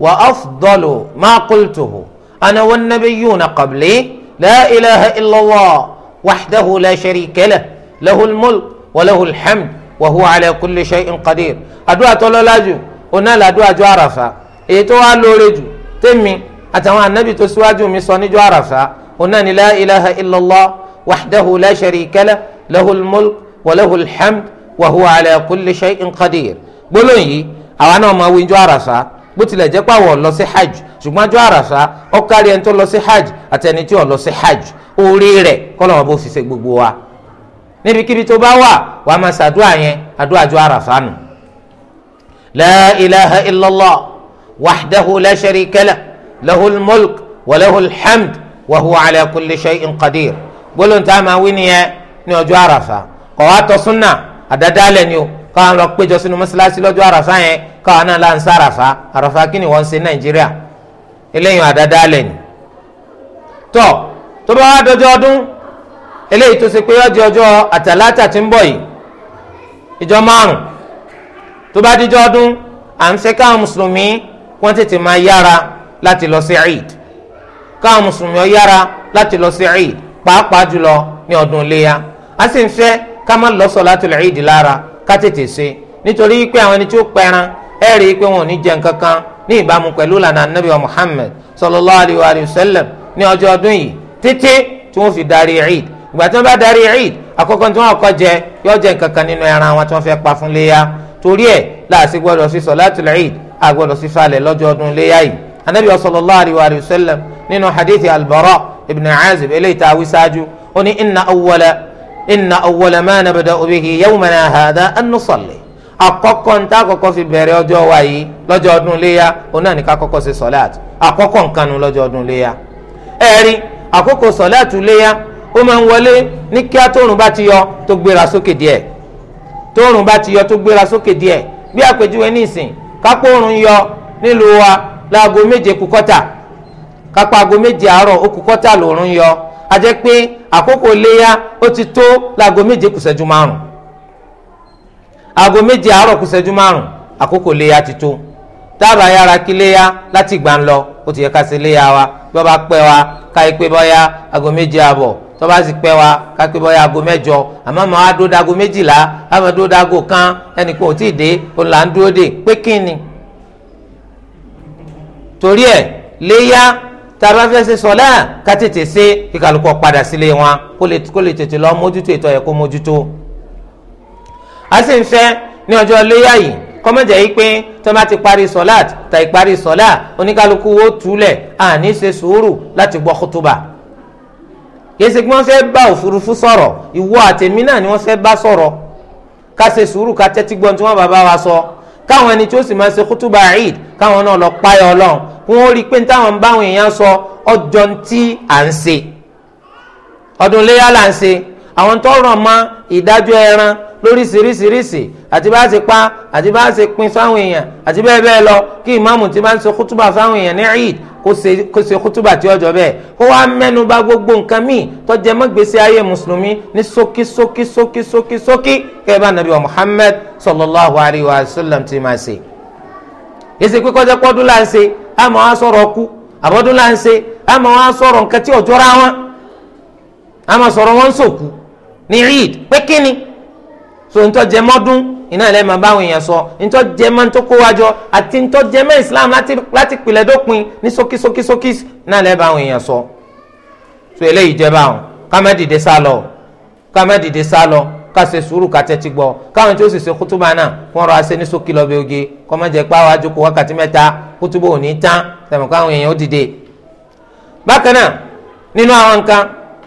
wa afdalu ma qultuhu ana wan nabiyyuna qabli la ilaha illallah wahdahu la sharika lahu lahul mulk wa lahul hamd wa huwa ala kulli shay'in qadir àdúrà tó lọ́lá jù òun náà làdúrà jọ àràfà èyí tó wá lóore jù tèmi àtàwọn ànábì tó síwájú mi sọ níjọ àràfà òun náà ní la ilaha illallah wahdahu la sharika lah lahul mulk wa lahul hamd wa huwa ala kulli shay'in qadir gbólóhùn yìí àwa náà máa wí níjọ àràfà bó tilẹ̀ jẹ́ pàwọ̀ lọ sí hajj ṣùgbọ́n àjọ àràfà ó ẹni tó lọ sí hajj àtẹni tí lọ sí hajj oore rẹ̀ kọ́ lọ́wọ́ bó fi ṣe gbogbo wa níbikíbi tó bá wà wàá máa ṣàdúrà yẹn àdúrà ju àràfà nù. la ilaha illallah wahdahu la sharika lah lahul mulk wa lahul hamd wa huwa ala kulli shay'in qadir gbólóhùn tá a máa wí nìyẹn ní ọjọ́ àràfà kọ̀ wá tọ́ súnà àdádálẹ̀ ni o káwọn lọ péjọ sínú mọ́ṣáláṣí lọ́jọ́ àràfà yẹn káwọn náà là ń sá àràfà àràfà kí ni wọ́n ń eléyìí àdádálẹ̀ ni. tọ́ tó bá wá dọjọ́ eléyìí tó ṣe pé ọjọ́ ọjọ́ àtàlátà ti ń bọ̀ yìí ìjọ márùn tó bá díjọ́ ọdún à ń ṣe káwọn mùsùlùmí wọ́n tètè máa yára láti lọ sí eid káwọn mùsùlùmí ó yára láti lọ sí eid pàápàá jùlọ ní ọdún iléyà a sì ń fẹ́ ká má lọ solatul eid lára ká tètè ṣe nítorí pé àwọn ẹni tí ó pẹran ẹ rí i pé wọn ò ní jẹ nǹkan kan ní ìbámu pẹ̀lú lànà anabi wa sallallahu alayhi wa sallam ní ọjọ́ ọdún yìí títí tí wọ́n fi darí eid ìgbà tí wọ́n bá darí eid àkọ́kọ́ tí wọ́n kọ́ jẹ yóò jẹ nǹkan kan nínú ẹran wọn tí wọ́n fẹ́ pa fún léyà torí ẹ̀ láàṣì gbọ́dọ̀ sí sọ̀láàtùl eid àgbọ̀dọ̀ sí falẹ̀ lọ́jọ́ ọdún léyà yìí anabi sallallahu alayhi wa sallam nínú hadithi albara ibn azib eléyìí tá a wí ṣáájú ó ní inna awwala inna awwala ma nabda'u bihi yawmana hadha an nusalli àkọ́kọ́ nta àkọ́kọ́ fi bẹ̀rẹ̀ ọjọ́ wa lọ́jọ́ ọdún léyà òun náà ní ká kọ́kọ́ ṣe sọ̀láàtù àkọ́kọ́ nǹkan lọ́jọ́ ọdún léyà ẹ̀rí àkókò sọ̀láàtù léyà ó máa ń wọlé ní kíá bá ti yọ tó gbéra sókè díẹ̀ tóòrùn bá ti yọ tó gbéra sókè bí àpèjúwe ní ìsìn kápó yọ nílùú wa láago méje kù kápá aago méje àárọ̀ ó kù kọ́tà yọ a jẹ́ pé àkókò léyà ó ti tó láago méje kù ṣẹ́jú márùn aago méje àárọ̀ kù ṣẹ́jú márùn àkókò léyà ti tó dábàá yára kí léyà láti gbà ń lọ ó ti yẹ ká ṣe léyà wa bí bá wa ká ẹ pé aago tó bá sì pẹ́ wa kápẹ́ bọ́yá aago mẹ́jọ àmọ́ màá dúró dago méjìlá àmọ́ dúró dago kan ẹnìkan ò tí ì dé òun là ń dúró dè pé kí ni. torí ẹ̀ léyà tá a bá fẹ́ ṣe sọ́lá ká tètè ṣe kí kálukú padà sílé wọn kó lè tètè lọ mójútó ètò ẹ̀ kó mójútó. a sì ń fẹ́ ní ọjọ́ léyà yìí kọ́mọ̀jẹ̀ yìí pé tó bá ti parí sọ́lá ta ìparí sọ́lá oníkálukú wo túlẹ̀ àní ṣe sùúrù láti gbọ́ kútúbà kèsì kí wọ́n fẹ́ bá òfurufú sọ̀rọ̀ ìwọ àtẹ̀mí náà ni wọ́n fẹ́ bá sọ̀rọ̀ ká ṣe sùúrù ká tẹ́tí gbọ́n tí wọ́n bá bá wa sọ káwọn ẹni tí ó sì máa ṣe kútùbà eid káwọn náà lọ páyọ Ọlọ́run kí wọ́n rí i pé táwọn ń báwọn èèyàn sọ ọjọ́ tí à ń ṣe ọdún léyà là ń ṣe àwọn tó rọ̀ mọ́ ìdájọ́ ẹran lóríṣiríṣiríṣi àti bá a ṣe pa àti bá a ṣe pin sáwọn èèyàn àti bẹ́ẹ̀ bẹ́ẹ̀ lọ kí ìmáàmù ti bá ń ṣe kútúbà sáwọn èèyàn ní eid kó ṣe kútúbà tí ọjọ́ bẹ́ẹ̀ kó wá mẹ́nu bà gbogbo nǹkan míì tó jẹ mọ́ ìgbésí ayé mùsùlùmí ní ṣókí ṣókí ṣókí ṣókí ṣókí kẹ́ẹ̀ bá nàbí wa Muhammad sallallahu alayhi wa sallam ti máa ṣe. èsì pé kọjá pọ́dún là ń ṣe àmọ́ wá sọ̀rọ̀ ọkú àbọ̀dún là ń ṣe àmọ́ wá sọ̀rọ̀ nǹkan tí ọjọ́ ra wọn àmọ́ sọ̀rọ̀ wọn ń sòkú ní eid pé kíni so ntọ́ jẹ mọ́dún iná ilẹ̀ máa báwọn èèyàn sọ ntọ́ jẹ mọ́ ntọ́ àti ntọ́ jẹ Islam láti láti pilẹ̀ dópin ní ṣókí ṣókí ṣókí iná ilẹ̀ báwọn èèyàn sọ so eléyìí jẹ báwọn ká má dìde sá lọ ká má dìde sá lọ ká ṣe sùúrù ká tẹ́tí gbọ́ káwọn tí ó sì ṣe kútúbà náà kí wọ́n rọ aṣẹ ní ṣókí lọ́bẹ̀ oge kọ́ má jẹ́ pé àwọn àjòkò wákàtí mẹ́ta kútúbà ò tán tẹ̀mọ̀ káwọn èèyàn ó dìde. bákan náà nínú àwọn nǹkan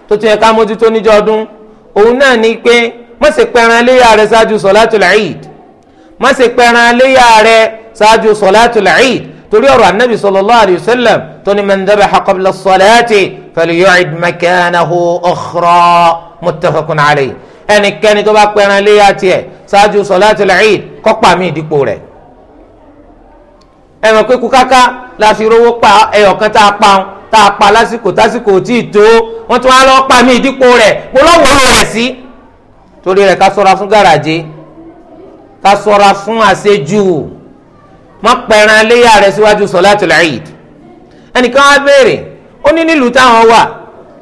tó ti yẹ ká mójútó níjọ́ ọdún òun náà ni pé má ṣe pẹran léyà rẹ ṣáájú sọláàtù làìd má ṣe pẹran léyà rẹ ṣáájú sọláàtù làìd torí ọ̀rọ̀ anabi sallallahu alayhi wa sallam tó ní man dhabaha qabla as-salati falyu'id makanahu ukhra muttafaqun alayhi ẹnikẹ́ni tó bá pẹran léyà tiẹ̀ ṣáájú sọláàtù làìd kọ́pà mí ìdípò rẹ̀ ẹ̀rọ pé kúkáká la fi rówó pa ẹ̀yọ̀kan tá a pa tá a pa lásìkò tásìkò tí ì tó wọ́n tún wá lọ́ọ́ pa mí ìdípò rẹ̀ mo lọ́wọ́ rẹ̀ sí torí rẹ̀ ká ṣọ́ra fún gàràjé ká ṣọ́ra fún àṣejù má pẹran aléyà rẹ̀ síwájú sọlátul Eid ẹnìkan á béèrè ó ní nílùú táwọn wà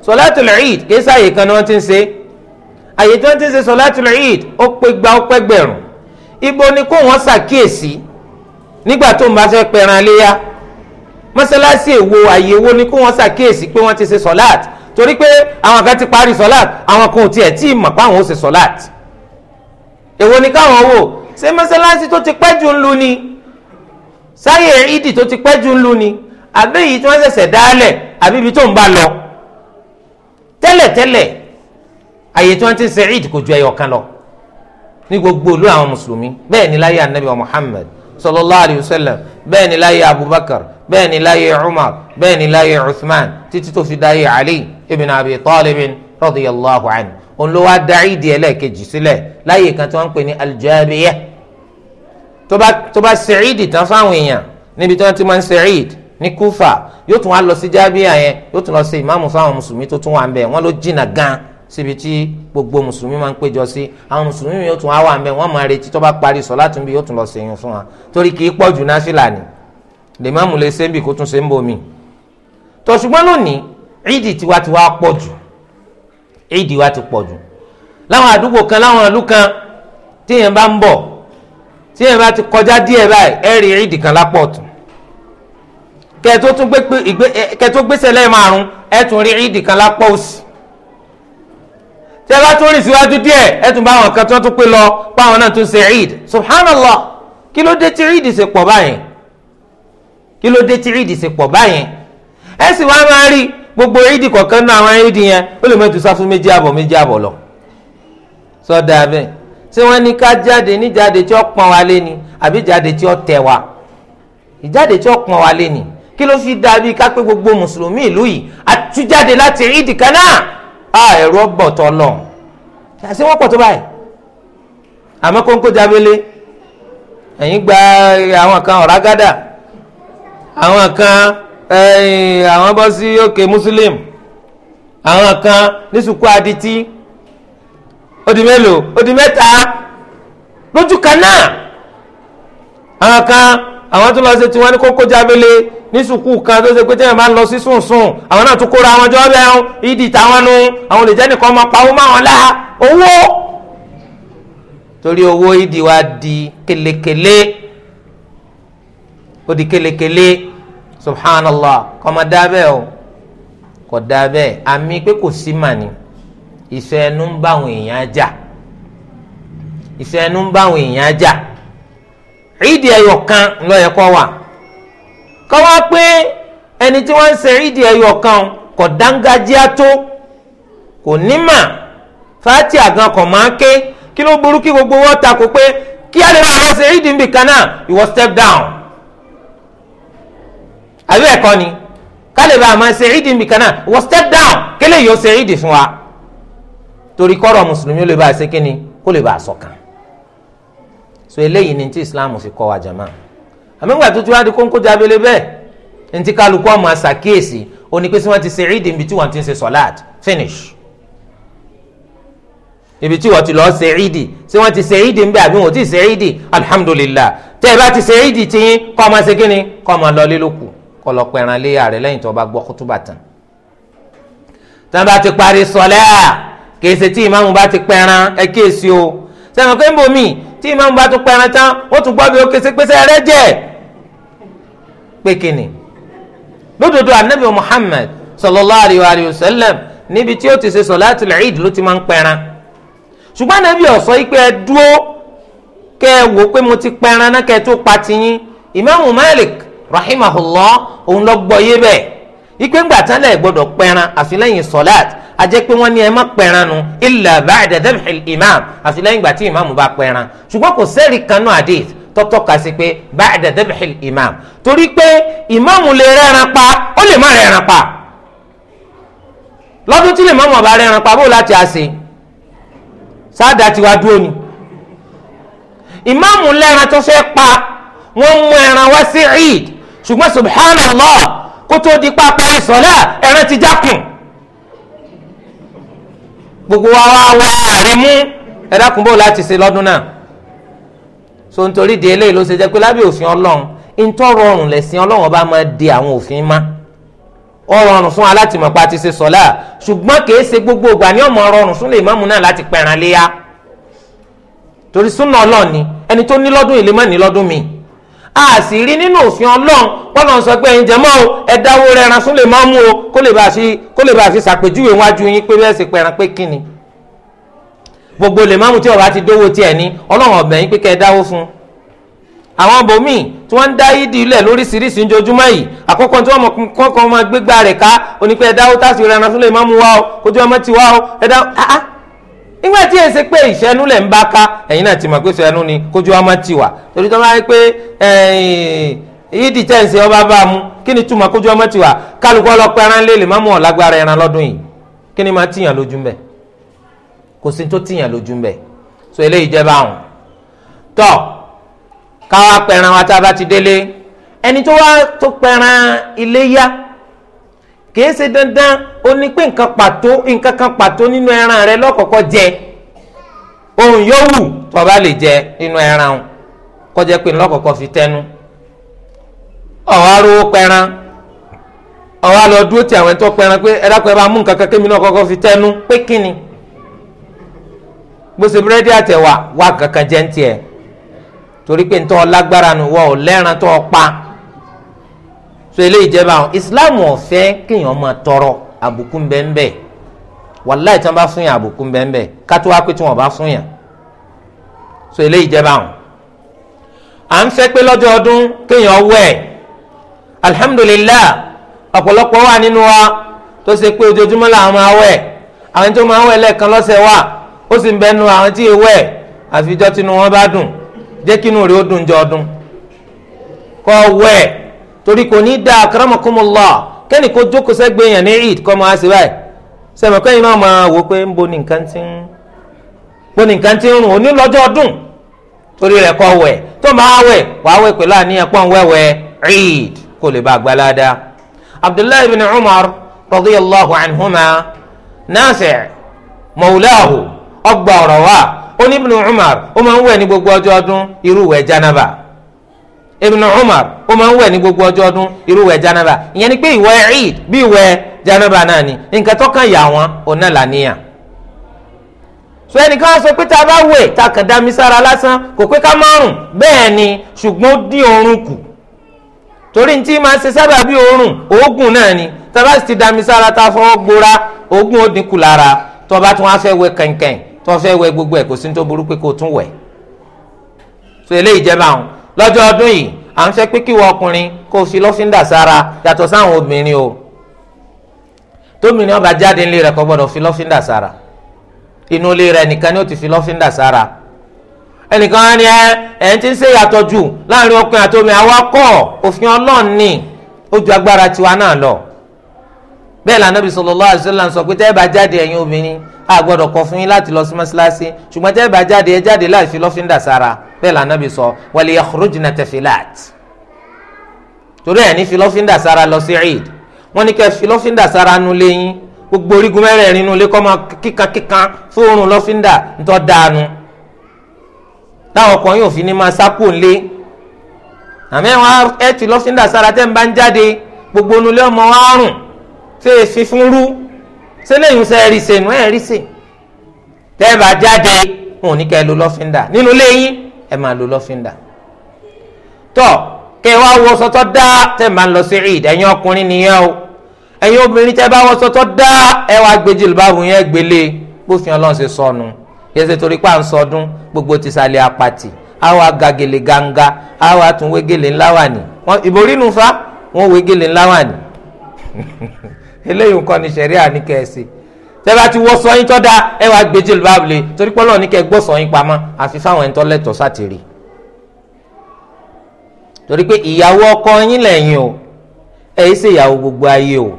sọlátul Eid kì í sáàyè kan ni wọ́n ti ń ṣe àyè tí wọ́n ti ń ṣe sọlátul Eid ó pé gba ó pé gbẹ̀rún ibo ni kó wọ́n ṣàkíyèsí nígbà tó ń bá fẹ́ pẹran aléyà mọ́sálásí èwo àyè ni kó wọ́n ṣàkíyèsí pé wọ́n ti ṣe sọláàtì torí pé àwọn kan ti parí sọláàt àwọn kan ò tiẹ̀ tí ì mọ̀ pé àwọn ò ṣe sọláàt èwo ni káwọn wò ṣé mọ́sálásí tó ti pẹ́ jù ń lu ni sáyé ìdì tó ti pẹ́ jù ń lu ni àbí èyí tí wọ́n ṣẹ̀ṣẹ̀ dálẹ̀ àbí ibi tó ń bá lọ tẹ́lẹ̀tẹ́lẹ̀ àyè tí wọ́n ti ń ṣe ìdì kò ju ẹyọ kan lọ ní gbogbo ìlú àwọn mùsùlùmí bẹ́ẹ̀ ni láyé anabi wa Muhammad sallallahu alayhi wa sallam bẹ́ẹ̀ ni láyé Abubakar bẹ́ẹ̀ ni láyé Umar bẹ́ẹ̀ ni láyé Uthman títí tó fi dáyé Ali ibn Abi Talib radiyallahu anhu òun ló wá dá ìdí ẹlẹ́ẹ̀kejì sílẹ̀ láyé kan tí wọ́n ń pè ní al-Jabiyah tó bá sẹ̀ẹ́dì tán fáwọn èèyàn níbi tí wọ́n ti máa ń sẹ̀ẹ́dì ní Kúfà yóò tún wá lọ sí Jábíà yẹn yóò tún lọ sí ìmáàmù fáwọn mùsùlùmí tó tún wà ń bẹ wọn ló jìnnà gan síbi tí gbogbo mùsùlùmí máa ń péjọ sí àwọn mùsùlùmí yóò tún wá wà ń bẹ wọn máa retí tó bá parí sọ láti bí yóò tún lọ sèyún lèmọ́mù lè ṣe ń bì kó tún ṣe ń bomi tó ṣùgbọ́n lónìí ìdì tiwa ti wá pọ̀ jù ìdì wa ti pọ̀ jù láwọn àdúgbò kan láwọn ìlú kan tíyẹn bá ń bọ̀ tíyẹn bá ti kọjá díẹ̀ báyìí ẹ rí ìdì kan lápọ̀ tún kẹtó tún gbé kẹtó gbèsè lẹ́yìn márùn ẹ tún rí ìdì kan lápọ̀ òsì tẹ bá tún rìn síwájú díẹ̀ ẹ tún bá àwọn kan tó tún pé lọ pa náà tún ṣe ìd subhanallah kí ló dé tí ìdì ṣe pọ̀ báyìí kí ló dé tí ìdì ṣe pọ̀ báyẹn ẹ sì wá máa rí gbogbo ìdì kọ̀ọ̀kan náà àwọn ìdì yẹn ó lè mẹ́tò sáfún méjì àbọ̀ méjì àbọ̀ lọ sọ́dà bẹ́ẹ̀ ṣé wọ́n ní ká jáde níjáde tí ó pọ́n wa lé ni àbí jáde tí ó tẹ̀ wa ìjáde tí ó pọ́n wa lé ni kí ló fi dàbí ká pé gbogbo mùsùlùmí ìlú yìí àtújáde láti ìdì kan náà á ẹ̀rọ bọ̀ tọ́ lọ ṣé wọ́n pọ̀ tó báyìí àmọ́ kóńkó jábélé ẹ̀yìn gba àwọn kan ọ̀rá gádà àwọn kan àwọn bọ́ sí òkè muslim àwọn kan ní sùkú adití ó di mélòó ó di mẹ́ta lójú kan náà àwọn kan àwọn tó lọ sí tiwọn ní kókó jábélé ní sùkú kan tó ṣe pé téèyàn bá ń lọ sí sùnsùn àwọn náà tún kóra àwọn jọ bẹ́ẹ̀ ìdí táwọn nu àwọn olè nìkan máa pawó máwọn lá owó torí owó ìdí wa di kélekèlé. Kele ó di kelekele subhanallah kọ́mọ dábẹ́ o kò dábẹ́ àmì pé kò sí mà ní ìfẹ́ ẹnu ń bá àwọn èèyàn jà ìfẹ́ ẹnu ń bá àwọn èèyàn jà ìdí ẹyọ kan lọ́yẹ kọ́ wà kọ́ wá pé ẹni tí wọ́n ń ṣe ìdí ẹyọ kan kò dángájíá tó kò ní mà fàtí àgàn kò máa ké kí ló burú kí gbogbo wọn ta kò pé kí á lè máa lọ ṣe ìdí nbìkan náà ìwọ step down àbí ẹ̀kọ́ ni kálí bá a máa ṣe ìdí nìkan náà wọ́n step down kílè yóò ṣe ìdí fún wa torí kọ́rọ̀ mùsùlùmí ó lè bá a ṣe kíni kó lè bá a ṣọ̀kan so eléyìí ni ti islam fi kọ́ wa jama àmọ́gbà tó ti wá di kónkó jábélé bẹ́ẹ̀ ntí kálukú ọmọ àṣàkíyèsí òní pé sí wọ́n ti ṣe ìdí ibi tí wọ́n ti ń ṣe sọ́láàt finish ibi tí wọ́n ti lọ́ọ́ ṣe ìdí sí wọ́n ti ṣe ìdí ń bẹ àbí wọ́n ti ṣe ìdí alhamdulillah tẹ́ ẹ bá ti ṣe ìdí tiyín kọ́ ọmọ ṣe kíni kọ́ ọmọ lọ lé kọlọ pẹran léyà rẹ lẹ́yìn tó bá gbọ́ kútúbà tán tán bá ti parí sọlẹ́ kèsì tí ìmáàmù bá ti pẹran ẹ kíyèsí o sẹ́wọ̀n pé ń bomi tí ìmáàmù bá tún pẹran tán ó tún gbọ́ bí ó kése pèsè rẹ jẹ́ pé kìnnì lódodo anabi muhammad sallallahu alayhi wa sallam níbi tí ó ti ṣe sọláàtì lẹ́ẹ̀d ló ti máa ń pẹran ṣùgbọ́n anabi ọ̀sọ́ ipe ẹ dúró kẹ́ ẹ wò pé mo ti pẹran náà kẹ́ ẹ tó pa tiyín ìmáàmù malik rahimahullah òun lọ gbọ́ yé bẹ́ẹ̀ ipe ń gbà tán lẹ gbọ́dọ̀ pẹran àfilẹyìn sọláàt ajẹ pé wọn ní ẹ má pẹran nu illa ba'da dhabhil imam àfilẹyìn gbà tí imam bá pẹran ṣùgbọ́n kò sẹ́ẹ̀rì kanú hadith tó tọ́ka sí pé ba'da dhabhil imam torí pé imam lè rẹran pa ó lè má rẹran pa lọ́dún tí lè má mọ̀ bá rẹran pa bó láti àṣe sáàdà tiwa dúró ni imam lẹ́ran tó fẹ́ pa wọ́n mú ẹran wá sí eid ṣùgbọ́n subhanallah kó tó di pápá ẹ̀ sọ́lá ẹ̀rẹ́ ti jákùn gbogbo wa wá wá àárín mú ẹ̀dá kúnbọ̀ láti ṣe lọ́dún náà so nítorí di eléyìí ló ṣe jẹ́ pé lábẹ́ òfin ọlọ́run ntọ́ rọrùn lẹ̀sìn ọlọ́run ọba máa di àwọn òfin má ó rọrùn fún alátìmọ̀pá ti ṣe sọ́lá ṣùgbọ́n kìí ṣe gbogbo ìgbà ní ọmọ rọrùn fún lè mọ́mú náà láti pẹ̀ràn léyà torí súnà ọlọ́ọ̀ni ẹni tó ní lọ́dún ìlémọ́ ní lọ́dún míì a sì rí nínú òfin ọlọ́run wọn lọ sọ pé ẹ̀yin jẹ mọ́ o ẹ dáwó rẹran sún lè máa mú o kó lè bá ṣe kó lè bá ṣe ṣàpèjúwe wájú yín pé bẹ́ẹ̀ sì pẹran pé kíni gbogbo lè máa mú tí ọba ti dówó tiẹ̀ ní ọlọ́run ọ̀bẹ̀ yín pé kẹ́ ẹ dáwó fún un àwọn bòmíì tí wọ́n ń dá yídì ilẹ̀ lóríṣiríṣi ojoojúmọ́ yìí àkọ́kọ́ tí wọ́n mọ̀ kọ́kọ́ máa gbégbá rẹ̀ ká onípẹ́ ẹ̀dáwó tá a sì rẹran sún lè máa mú wa o kójú ọmọ ti wá o ẹ̀dáwó ah, ah, nígbà tí èsì pé ìṣẹ́nu lẹ̀ ń bá ká ẹ̀yin náà ti mọ̀ pé ìṣẹ́nu ni kójú ọmọ ti wà torí tó máa ń pé ìdí tẹ̀sí ọba bá mu kí ni túmọ̀ kójú ọmọ ti wà kálukú ọlọ́pẹ́ ẹran lé lè má mú ọ̀lágbára ẹran lọ́dún yìí kí ni máa tìyàn lójú mbẹ kò sí tó tìyàn lójú mbẹ so eléyìí jẹ́ báwọn tọ́ káwá pẹ̀ràn wa tá a bá ti délé ẹni tó wá tó pẹ̀ràn iléyà kìí ṣe dandan o ní pé nǹkan pàtó nǹkan kan ẹran rẹ lọ́kọ̀ọ́kọ́ jẹ ohun yòówù tó bá lè jẹ nínú ẹran o kó pé fi tẹnu ọ̀wá rówó pẹran ọ̀wá lọ dúró ti àwọn ẹ̀tọ́ pẹran pé ẹ dákun ẹ bá mú nǹkan kan kémi náà kọ́kọ́ fi tẹnu pé kíni búrẹ́dì àtẹ̀wà wà kankan jẹ́ ń tiẹ̀ torí pé so eléyìí jẹ́ báwọn islam ò fẹ́ kéèyàn máa tọrọ àbùkù ńbẹ́ńbẹ́ wàláì tí wọ́n bá fún yàn àbùkù ńbẹ́ńbẹ́ kátó wá pé tí wọ́n bá fún yàn so eléyìí jẹ́ báwọn. à ń fẹ́ pé lọ́jọ́ ọdún kéèyàn wẹ̀ alhamdulillah ọ̀pọ̀lọpọ̀ wà nínú wa tó ṣe pé ojoojúmọ́ làwọn máa wẹ̀ àwọn tó máa wẹ̀ lẹ́ẹ̀kan lọ́sẹ̀ wà ó sì ń bẹnu àwọn tí ì wẹ̀ àfijọ́ tinú wọn bá dùn jẹ́ kínú rẹ̀ ó dùn jọ ọdún kọ́ wẹ̀ torí kò ní dá akramakumullah kẹ́ni kó jókòó sẹ́gbẹ́ yẹn ní eid kọ́ máa ṣe báyìí sẹ́mi kẹ́yìn máa máa wò pé ń bo nìkan ti ń bo nìkan ti ń rùn òní lọ́jọ́ ọdún torí rẹ̀ kọ́ wẹ̀ tó máa wẹ̀ wàá wẹ̀ pẹ̀lú àníyàn pọ́n wẹ́wẹ́ eid kò lè bá àgbàládá abdullahi bin umar radiyallahu anhuma Nafi' mawlahu ọgbà ọ̀rọ̀ wa ó umar ó máa ń wẹ̀ ní gbogbo ọjọ́ ọdún irú wẹ̀ janaba. Ibn Umar ó máa ń wẹ̀ gbogbo ọjọ́ ọdún irú wẹ̀ janaba ìyẹn ni pé ìwẹ̀ Eid bí ìwẹ̀ janaba náà ni nǹkan tó kàn yà wọ́n òun náà làníyàn. sọ ẹnìkan á sọ pé tá a bá wẹ̀ tá a kàn dá mi sára lásán kò pé ká márùn bẹ́ẹ̀ ni ṣùgbọ́n dín oorun kù torí ní tí máa ṣe sábà bí oorun oògùn náà ni tá a bá sì ti dá mi sára tá a fọwọ́ gbóra oògùn ó dínkù lára tó bá tún wá fẹ́ wẹ̀ kẹ̀kẹ́ tó fẹ́ wẹ̀ gbogbo ẹ̀ kò sí ní tó burú pé kó tún wẹ̀ lọ́jọ́ ọdún yìí à ń ṣe pé kí wọ́n ọkùnrin kó o fi lọ́fíńdà sára yàtọ̀ sáwọn obìnrin o tómìnira ọba jáde ńlẹ̀ rẹ̀ kò gbọ́dọ̀ fi lọ́fíńdà sára inú ilé rẹ̀ nìkan ni ó ti fi lọ́fíńdà sára ẹnìkan á ní ẹ ẹ ń ti ń ṣe yàtọ̀ jù láàrin ọkùnrin àti omi àwa kọ́ òfin Ọlọ́run ni agbára tiwa náà lọ bẹ́ẹ̀ la Nabi sallallahu alaihi wasallam sọ pé tẹ́ ẹ bá jáde ẹ̀yin obìnrin a gbọ́dọ̀ kọ̀ fún yín láti lọ sí mọ́ṣáláṣí ṣùgbọ́n tẹ́ ẹ bá jáde ẹ jáde láì fi lọ́fíńdà sára bẹ́ẹ̀ la Nabi sọ wal yakhrujna tafilat torí ẹ̀ ní fi lọ́fíńdà sára lọ sí Eid wọ́n ní kẹ́ fi lọ́fíńdà sára nu léyìn gbogbo orígun mẹ́rẹ̀ẹ̀rin nu lé kọ́ máa kíkankíkan fóorùn lọ́fíńdà ńtọ́ ń bá ṣe é fi fún rú ṣe lẹ́yìn sẹ́ rí sẹ́nu ẹ̀ rí sẹ́ tẹ́ẹ̀bà jáde wọn ò ní kẹ́ ẹ lo lọ́fíńdà nínú lẹ́yìn ẹ máa lo lọ́fíńdà tọ́ kẹ́ ẹ wá wọ sọ́tọ́ dá tẹ́ máa lọ sí ìd ẹ̀yin ọkùnrin nìyẹn o ẹ̀yin obìnrin tẹ́ bá wọ sọ́tọ́ dá ẹ wá gbé jìlbáàbù yẹn gbélé bófin ọlọ́run ṣe sọnù yẹsẹ torí pa nsọdún gbogbo ti sàlẹ̀ apàtì àwọn agagele ganga àwọn atún wégele ńláwàní ìbòrí nù fa wọn wégele ńláwàní eléyìí nǹkan ni sẹ̀rí àníkẹ́ẹ̀sì tẹ́lá ti wọ́ sọyìn tọ́ da ẹ wàá gbé jìlù báàbù lé torí pé Ọlọ́run ní kẹ́ gbọ́ sọyìn pamọ́ àfi fáwọn ẹni tó lẹ́tọ̀ọ́ sátìrì torí pé ìyàwó ọkọ yín lẹ́yìn o ẹ̀ yìí ṣe ìyàwó gbogbo ayé o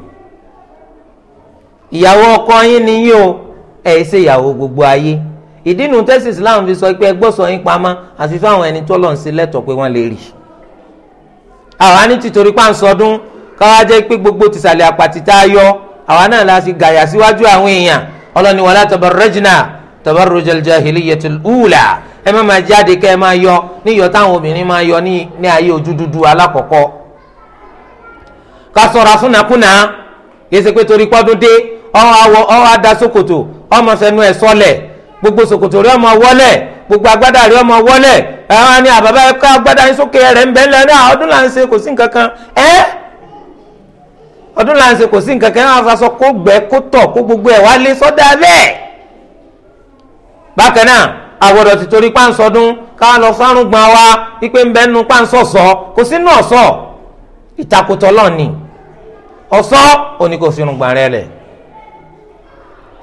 ìyàwó ọkọ yín ni yín o ẹ̀ yìí ṣe ìyàwó gbogbo ayé ìdínú tẹ́sí Islam fi sọ pé ẹ gbọ́ sọyìn pamọ́ àfi fáwọn ẹni tó lọ́n sí lẹ́tọ̀ọ́ pé wọ́n lè rí àwọn àní ti torí pàǹsọdún káwá jẹ́ pé gbogbo tìsàlẹ̀ àpàtì tá a yọ àwa náà la sì gàyà síwájú àwọn èèyàn ọlọ́ni wala tabarrajna tabarruj al-jahiliyyatil ula ẹ má máa jáde kẹ́ ẹ máa yọ níyọ táwọn obìnrin máa yọ ní ní ayé ojú dúdú alákọ̀ọ́kọ́ ká sọ̀rọ̀ fúnnakúnna kì í ṣe pé torí pọ́dún dé ọwọ́ adá ṣòkòtò ọmọ fẹnu ẹ̀ sọlẹ̀ gbogbo ṣòkòtò rẹ̀ ọmọ wọlẹ̀ gbogbo agbádá rẹ̀ ọmọ wọlẹ̀ ẹ̀wọ̀n ni àbábá ẹ̀ka agbádá yín sókè rẹ̀ ń bẹ́ẹ̀ lẹ́nu ọdún là ń ṣe kò sí nǹkan kan ẹ́ ọdún là ń ṣe kò sí nǹkan kan wọn aṣọ kó gbẹ kó tọ̀ kó gbogbo ẹ̀ wá lé sọ́dà bẹ́ẹ̀ bákan náà àwọ̀dọ̀ ti torí páńsọdún káwọn lọ sárùn gbọn wa ipe ń bẹ nu páńsọ̀sọ kò sínú ọ̀sọ̀ ìtakùtọ̀ lọ́ọ̀ni ọ̀sọ́ òní kò sínú gbọ̀n rẹ lẹ̀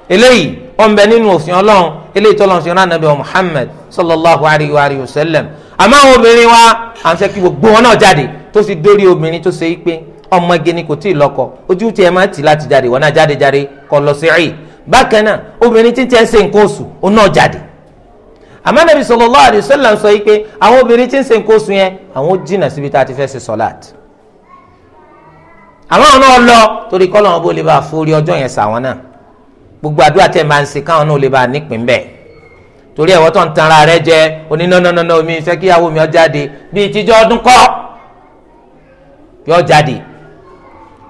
eléyìí wọn bẹ nínú òfin Ọlọ́run eléyìí tọ́lọ́run fi rán anabi Muhammad sallallahu alayhi wa alayhi wa sallam àmọ́ àwọn obìnrin wa à ń fẹ́ kí gbogbo wọn náà jáde tó sì dórí obìnrin tó ṣe é pé ọmọge ni kò tí ì lọ́kọ ojú tí ẹ máa tì láti jáde wọn náà jáde jáde kọ lọ sí ẹ̀yìn bákan náà obìnrin tí ń tẹ́ ń ṣe nǹkan oṣù ó náà jáde àmọ́ nàbí sallallahu alaihi wasallam sọ yìí pé àwọn obìnrin tí ń ṣe nǹkan oṣù yẹn àwọn ó jìnnà síbi tá a ti fẹ́ ṣe sọ̀láàtì àwọn ọ̀nà ọlọ torí kọ́ lọ́wọ́ bó lè bá forí ọjọ́ yẹn sàwọn náà gbogbo àdúrà tẹ̀ máa ń ṣe káwọn náà lè bá nípìn bẹ́ẹ̀ torí ẹ̀wọ́ tó ń tanra rẹ jẹ onínànànà omi ìfẹ́ kíyàwó mi ó jáde bíi tíjọ́ ọdún kọ́ yọ jáde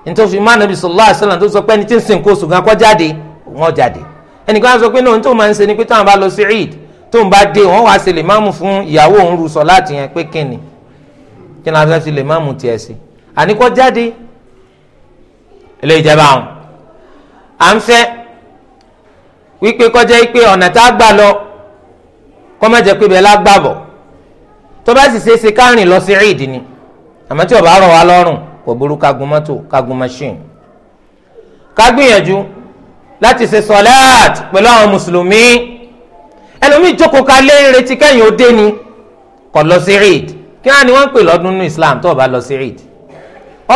nítorí má nàbí sallallahu alaihi wasallam tó sọ pé ẹni tí ń sìn kó oṣù gan kọ́ jáde wọ́n jáde ẹnìkan á sọ pé náà tó máa ń ṣe ni pé táwọn bá lọ sí eid tó ń bá dé wọ́n wá ṣe lè máàmù fún ìyàwó òun rú sọ láti yẹn pé kíni kí ni a fẹ́ fi lè máàmù tiẹ̀ sí àní kọ́ jáde ilé ìjẹba àwọn à ń fẹ́ wípé kọjá wípé ọ̀nà tá a gbà lọ kọ́ má jẹ́ pé bẹ́ẹ̀ lágbàbọ̀ tó bá sì ṣe é ṣe kárìn lọ sí eid ni àmọ́ tí ó kò burú kagun mọ́tò kagun machine ká gbìyànjú láti ṣe sọláàt pẹ̀lú àwọn mùsùlùmí ẹlòmíì jókòó kalẹ̀ retí kẹ́yìn ó dé ni kò lọ sí eid kí wọ́n á ní wọ́n ń pè lọ́dún nínú Islam tó o bá lọ sí eid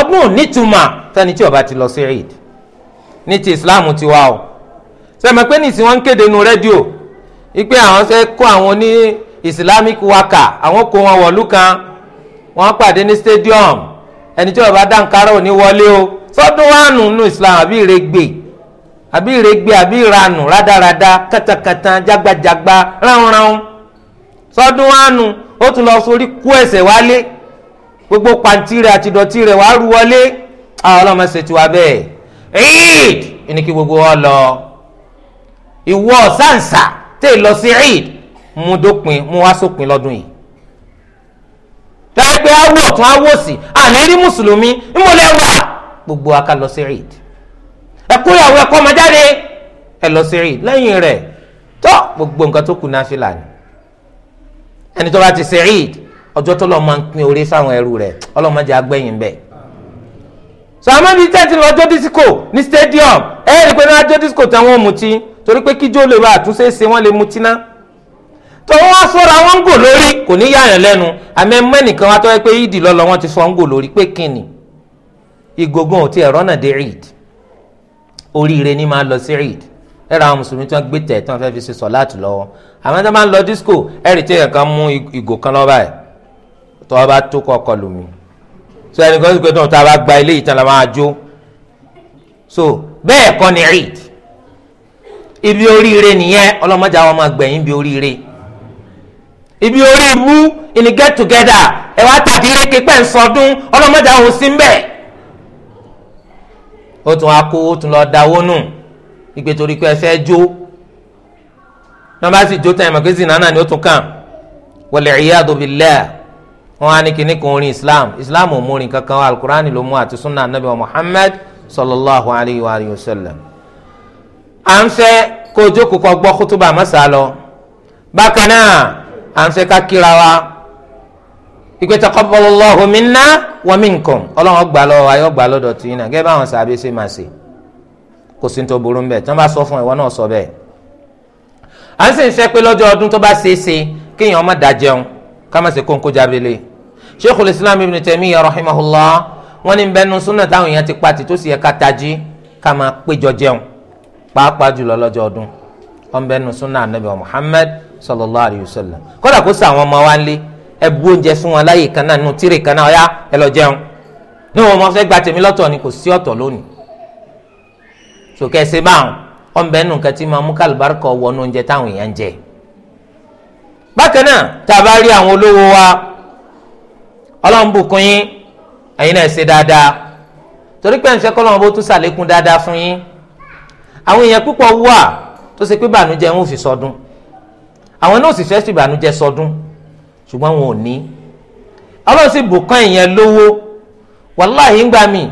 ọdún ò nítumọ̀ fẹ́ni tí o bá ti lọ sí eid ní ti Islam ti wá o sẹ́mi pé nìsín wọ́n ń kéde nu rédíò wípé àwọn fẹ́ kó àwọn ní Islamic waka àwọn kó wọn wọ̀lú kan wọ́n pàdé ní stadium ẹni tí ó bá dáǹkárà ò ní wọlé o sọdún wánu nínú islam àbí ìrẹgbẹ àbí ìrẹgbẹ àbí ìranù rádaràda kàtàkàtà jágbajàgba ráhùnráhùn sọdún wánu ó tún lọ sórí kú ẹsẹ̀ wálé gbogbo pàǹtí rẹ̀ àti dọ̀tí rẹ̀ wàá rú wọlé àwọn ọlọ́mọ ṣètò abẹ́ eid ní kí gbogbo wọn lọ ìwọ sáǹsà tẹ̀ lọ sí eid mú dópin mú wá sópin lọ́dún yìí tẹ́gbẹ́ awọ tún awọ sí àní rí mùsùlùmí ńmọ̀lẹ́ wà gbogbo aka lọ sí rìd ẹ̀kú ìyàwó ẹ̀kọ́ ọmọ jáde ẹ̀ lọ sí rìd lẹ́yìn rẹ̀ tọ́ gbogbo nǹkan tó kù náà fi là ní ẹni tó bá ti sí rìd ọjọ́ tó lọ́ọ́ máa ń pín orí fáwọn ẹrú rẹ̀ ọlọ́mọdé agbẹ́yìn bẹ́ẹ̀ sọ àmọ́ bíi lọ jó dísíkò ní stadium ẹ̀ẹ́dì pé náà jó dísíkò táwọn ò mutí torí pé kíjó lè bá àtúnṣe ṣe wọ́n lè mutí náà tọ́wọ́ wá sọ́ra wọn ń gò lórí kò ní yààyàn lẹ́nu àmì ẹ̀mọ́ ẹnìkan wá tọ́ pé ìdì lọ́lọ́ wọn ti sọ ń gò lórí pé kìnnì ìgògùn ò ti ẹ̀rọ náà dé ìd oríire ni máa lọ sí ìd ẹ̀rọ àwọn mùsùlùmí tí wọ́n gbé tẹ̀ tí wọ́n fẹ́ fi ṣe sọ̀láàtì lọ́wọ́ àmọ́ tí wọ́n bá ń lọ disco ẹ̀rì tí ẹ̀kan mú ìgò kan lọ́ba ẹ̀ tọ́ bá tó kọ́ kọlù mi so ẹnìkan sì pé tí wọ́n ta bá gba ilé ìtàn la máa jó so bẹ́ẹ̀ kọ́ ni ìd ibi oríire nìyẹn ọlọ́mọdé àwọn ọmọ gbẹ̀yìn ibi oríire ibi orí ibú ìní get together ẹ wá tàdíreke pẹ́ ń sọdún ọlọ́mọdé àwọn sí ń bẹ̀. ó tún wá kó ó tún lọ dáwó nù ìgbé torí pé ẹ fẹ́ jó náà bá sì jó tán ẹ̀mọ̀ kéésì náà ni ó tún kàn wọlé iyadu billah wọn á ní kíní kan orin islam islam ò mórin kankan alukurani ló mú àti sunna anabi wa muhammad sallallahu alayhi wa alihi wa sallam. à ń fẹ́ kó o jókòó kó gbọ́ kútúbà mọ́sálọ bákan náà à ń fẹ́ ká kíra wa ìpè taqabbalallahu minna wa minkum ọlọ́run gbà lọ́wọ́ ayọ́ gbà lọ́dọ̀ tì í náà gẹ́gẹ́ báwọn sàbẹ̀ ṣe máa ṣe kò sí ní tó burú bẹ́ẹ̀ tí wọ́n bá sọ fún ìwọ náà sọ bẹ́ẹ̀. à ń sì ń fẹ́ pé lọ́jọ́ ọdún tó bá ṣe é ṣe kéèyàn má dá jẹun ká má ṣe kóńkó jábẹ́lẹ̀ Sheikhul Islam Ibn Taymiyyah rahimahullah wọ́n ní bẹ́ẹ̀ sunna táwọn èèyàn ti pa tì tó sì yẹ ká tají ká máa péjọ jẹun pàápàá jùlọ lọ́jọ́ ọdún wọ́n bẹ́ẹ̀ sunna Ànábì Muhammad sallallahu alayhi wa sallam kódà kó sàwọn ọmọ wa ń lé ẹbú oúnjẹ fún wọn láyè kan náà nù tírè kan náà ọyá ẹ lọ jẹun ní wọn mọ fẹ́ gba tèmi lọ́tọ̀ ni kò sí ọ̀tọ̀ lónìí sòkè ẹsẹ báwọn ọmọbẹ nù kẹtí máa mú kálùbáríkọ wọnú oúnjẹ táwọn èèyàn ń jẹ bákan náà tá a bá rí àwọn olówó wa ọlọ́run bùkún yín ẹ̀yin náà ṣe dáadáa torí pé ǹfẹ́ kọ́lọ́run bó tún ṣàlékún dáadáa fún yín àwọn èèyàn púpọ̀ wà tó ṣe pé bànújẹ́ ń fi sọdún. So àwọn náà sì fẹ́ sì ìbànújẹ́ sọdún ṣùgbọ́n wọn ò ní ọlọ́run sì bùkán ìyẹn lówó wàláhì ń gbà mí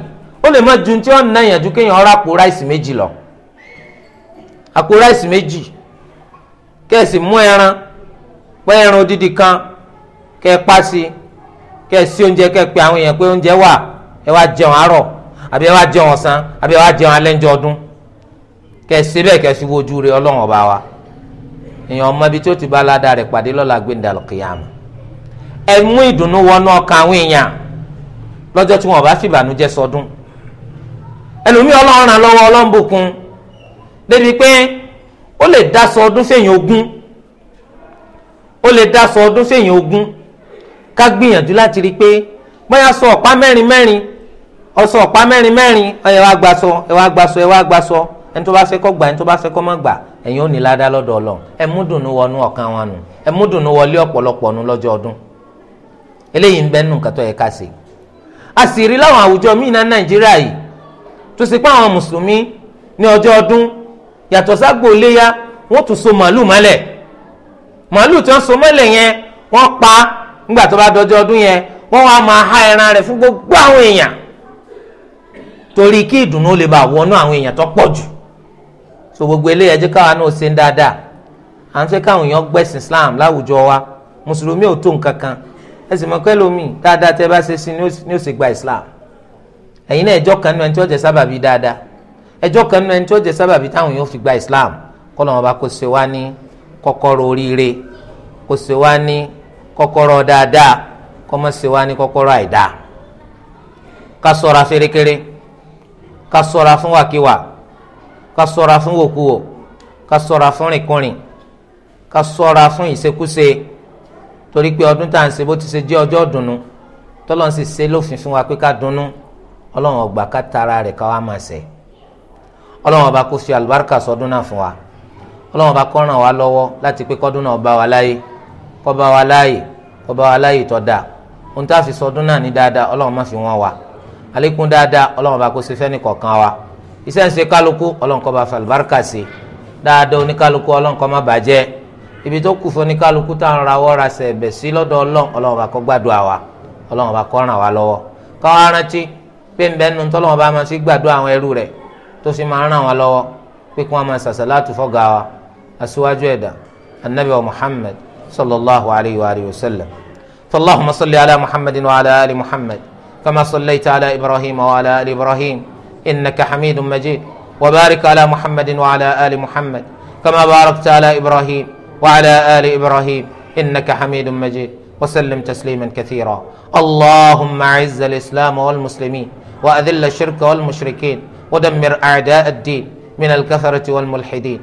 ó lè má ju tí wọ́n ná ìyànjú kéèyàn ọ̀rọ̀ àpò ráìsì méjì lọ àpò ráìsì méjì kẹ́ẹ̀sì mú ẹran pẹ́ ẹran odidi kan kẹ́ẹ̀ pa sí kẹ́ẹ̀sì oúnjẹ kẹ́ẹ̀ pe àwọn èèyàn pé oúnjẹ wà ẹ wá jẹun àárọ̀ àbí ẹ wá jẹun ọ̀sán àbí ẹ wá jẹun alẹ́ ń ọdún kẹ́ẹ̀sì bẹ́ẹ̀ kẹ́ẹ̀sì wojú rẹ ọlọ́run ọba wa. èèyàn ọmọ ibi tí ó ti bá aládàá rẹ̀ pàdé lọ́la gbẹ̀ndàlù kìyàmù ẹ mú ìdùnnú wọnú ọkàn àwọn èèyàn lọ́jọ́ tí wọ́n bá fìbànújẹ́ sọdún ẹlòmíì ọlọ́run ràn lọ́wọ́ ọlọ́mbùkún débi pé ó lè dá sọdún fèèyàn ogún ó lè dá sọdún fèèyàn ogún ká gbìyànjú láti rí i pé bóyá sọ ọ̀pá mẹ́rin mẹ́rin ọsọ ọ̀pá mẹ́rin mẹ́rin ẹ wá gbàsọ ẹ wá gbàsọ ẹ wá gbàsọ ẹni tó bá fẹ́ kó gbà ẹni tó bá fẹ́ kó má gbà ẹ̀yin ò ní ládàá lọ́dọ̀ Ọlọ́run ẹ mú dùnú wọnú ọkàn wọn nù ẹ mú dùnú wọlé ọ̀pọ̀lọpọ̀ nù lọ́jọ́ ọdún eléyìí ń bẹ nù yẹ ká ṣe a sì rí láwọn àwùjọ míì ná Nàìjíríà yìí tó sì pé àwọn mùsùlùmí ní ọjọ́ ọdún yàtọ̀ léyà wọ́n tún so màálù mọ́lẹ̀ màálù tí wọ́n so mọ́lẹ̀ yẹn wọ́n pa tó bá dọjọ́ ọdún yẹn wọ́n wá máa gbogbo àwọn èèyàn torí kí ìdùnnú bá wọnú àwọn èèyàn so gbogbo eléyà jẹ́ káwa náà ṣe ń dáadáa à ń fẹ́ káwọn èèyàn gbẹ̀sìn Islam láwùjọ wa mùsùlùmí ò tó nǹkan kan ẹ sì mọ̀ pé dáadáa tẹ́ bá ṣe sí ni ó sì gba Islam ẹ̀yin náà ẹjọ́ kan nínú ẹni tí ó jẹ́ sábàbí dáadáa ẹjọ́ kan nínú ẹni tí ó jẹ́ sábàbí táwọn èèyàn fi gba Islam kọ́lọ́mọ bá kó ṣe wá ní kọ́kọ́rọ́ oríire kó ṣe wá ní kọ́kọ́rọ́ dáadáa kọ́mọ ṣe wá ní kọ́kọ́rọ́ àìdáa ká ṣọ́ra fẹ́rẹ́kẹ́rẹ́ ká ṣọ́ra fún wàkíwà ká ṣọ́ra fún wòkúwò ká ṣọ́ra fún rìnkùnrìn ká ṣọ́ra fún ìṣekúṣe torí pé ọdún tá à ń ṣe bó ti ṣe jẹ́ ọjọ́ dùnú tọ́lọ́n sì ṣe lófin fún wa pé ká dunnú ọlọ́run ọgbà ká tara rẹ̀ ká wá máa ṣe ọlọ́run ọba kó fi àlùbáríkà sọdún náà fún wa ọlọ́run ọba kó ràn wá lọ́wọ́ láti pé kọ́dún náà bá wa láyé kó bá wa láyé kó bá wa láyé tó dáa ohun tá a fi sọdún náà ní dáadáa ọlọ́run má fi wọ́n wa àlékún dáadáa ọlọ́run ọba kó ṣe fẹ́ni kọ̀ọ̀kan wa iṣẹ́ ń ṣe kálukú ọlọ́nkọ́ bá falùbáríkà sí dáadáa oníkálukú ọlọ́nkọ́ má bàjẹ́ ibi tó kù fún oníkálukú tá à ń rawọ́ ra sẹ̀bẹ̀ sí lọ́dọ̀ ọlọ́n ọlọ́run bá kọ́ gbàdúrà wa ọlọ́run bá kọ́ ràn wá lọ́wọ́ káwá rántí pé nbẹ́ nu tọ́lọ́run bá máa ṣe gbàdúrà àwọn ẹrú rẹ̀ tó sì máa ràn wá lọ́wọ́ pé kí wọ́n máa sàṣàlátù fọ́gà wa aṣíwájú ẹ̀dá anabi wa sallallahu alayhi wa alihi wa sallam fallahumma salli ala muhammadin wa ala ali kama sallaita ala ibrahim wa ala ibrahim. إنك حميد مجيد وبارك على محمد وعلى آل محمد كما باركت على إبراهيم وعلى آل إبراهيم إنك حميد مجيد وسلم تسليما كثيرا اللهم أعز الإسلام والمسلمين وأذل الشرك والمشركين ودمر أعداء الدين من الكثرة والملحدين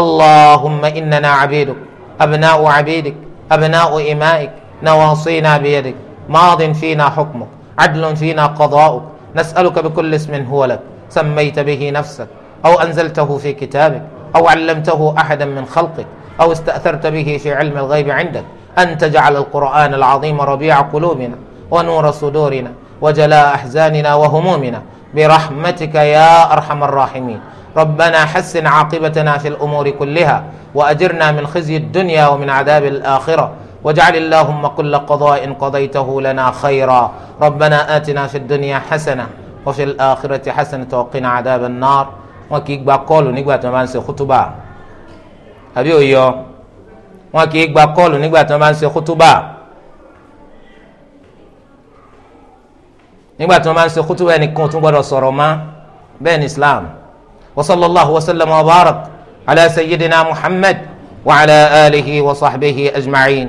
اللهم إننا عبيدك أبناء عبيدك أبناء إمائك نواصينا بيدك ماض فينا حكمك عدل فينا قضاؤك نسألك بكل اسم هو لك سميت به نفسك أو أنزلته في كتابك أو علمته أحدا من خلقك أو استأثرت به في علم الغيب عندك أن تجعل القرآن العظيم ربيع قلوبنا ونور صدورنا وجلاء أحزاننا وهمومنا برحمتك يا أرحم الراحمين ربنا حسن عاقبتنا في الأمور كلها وأجرنا من خزي الدنيا ومن عذاب الآخرة واجعل اللهم كل قضاء قضيته لنا خيرا ربنا آتنا في الدنيا حسنة وفي الآخرة حسنة وقنا عذاب النار وكي يقبع قولوا نقبع تمان خطبة أبي أيو وكي يقبع قولوا نقبع تمان خطبة نقبع تمان خطبة يعني كنت مبارا صرما بين إسلام وصلى الله وسلم وبارك على سيدنا محمد وعلى آله وصحبه أجمعين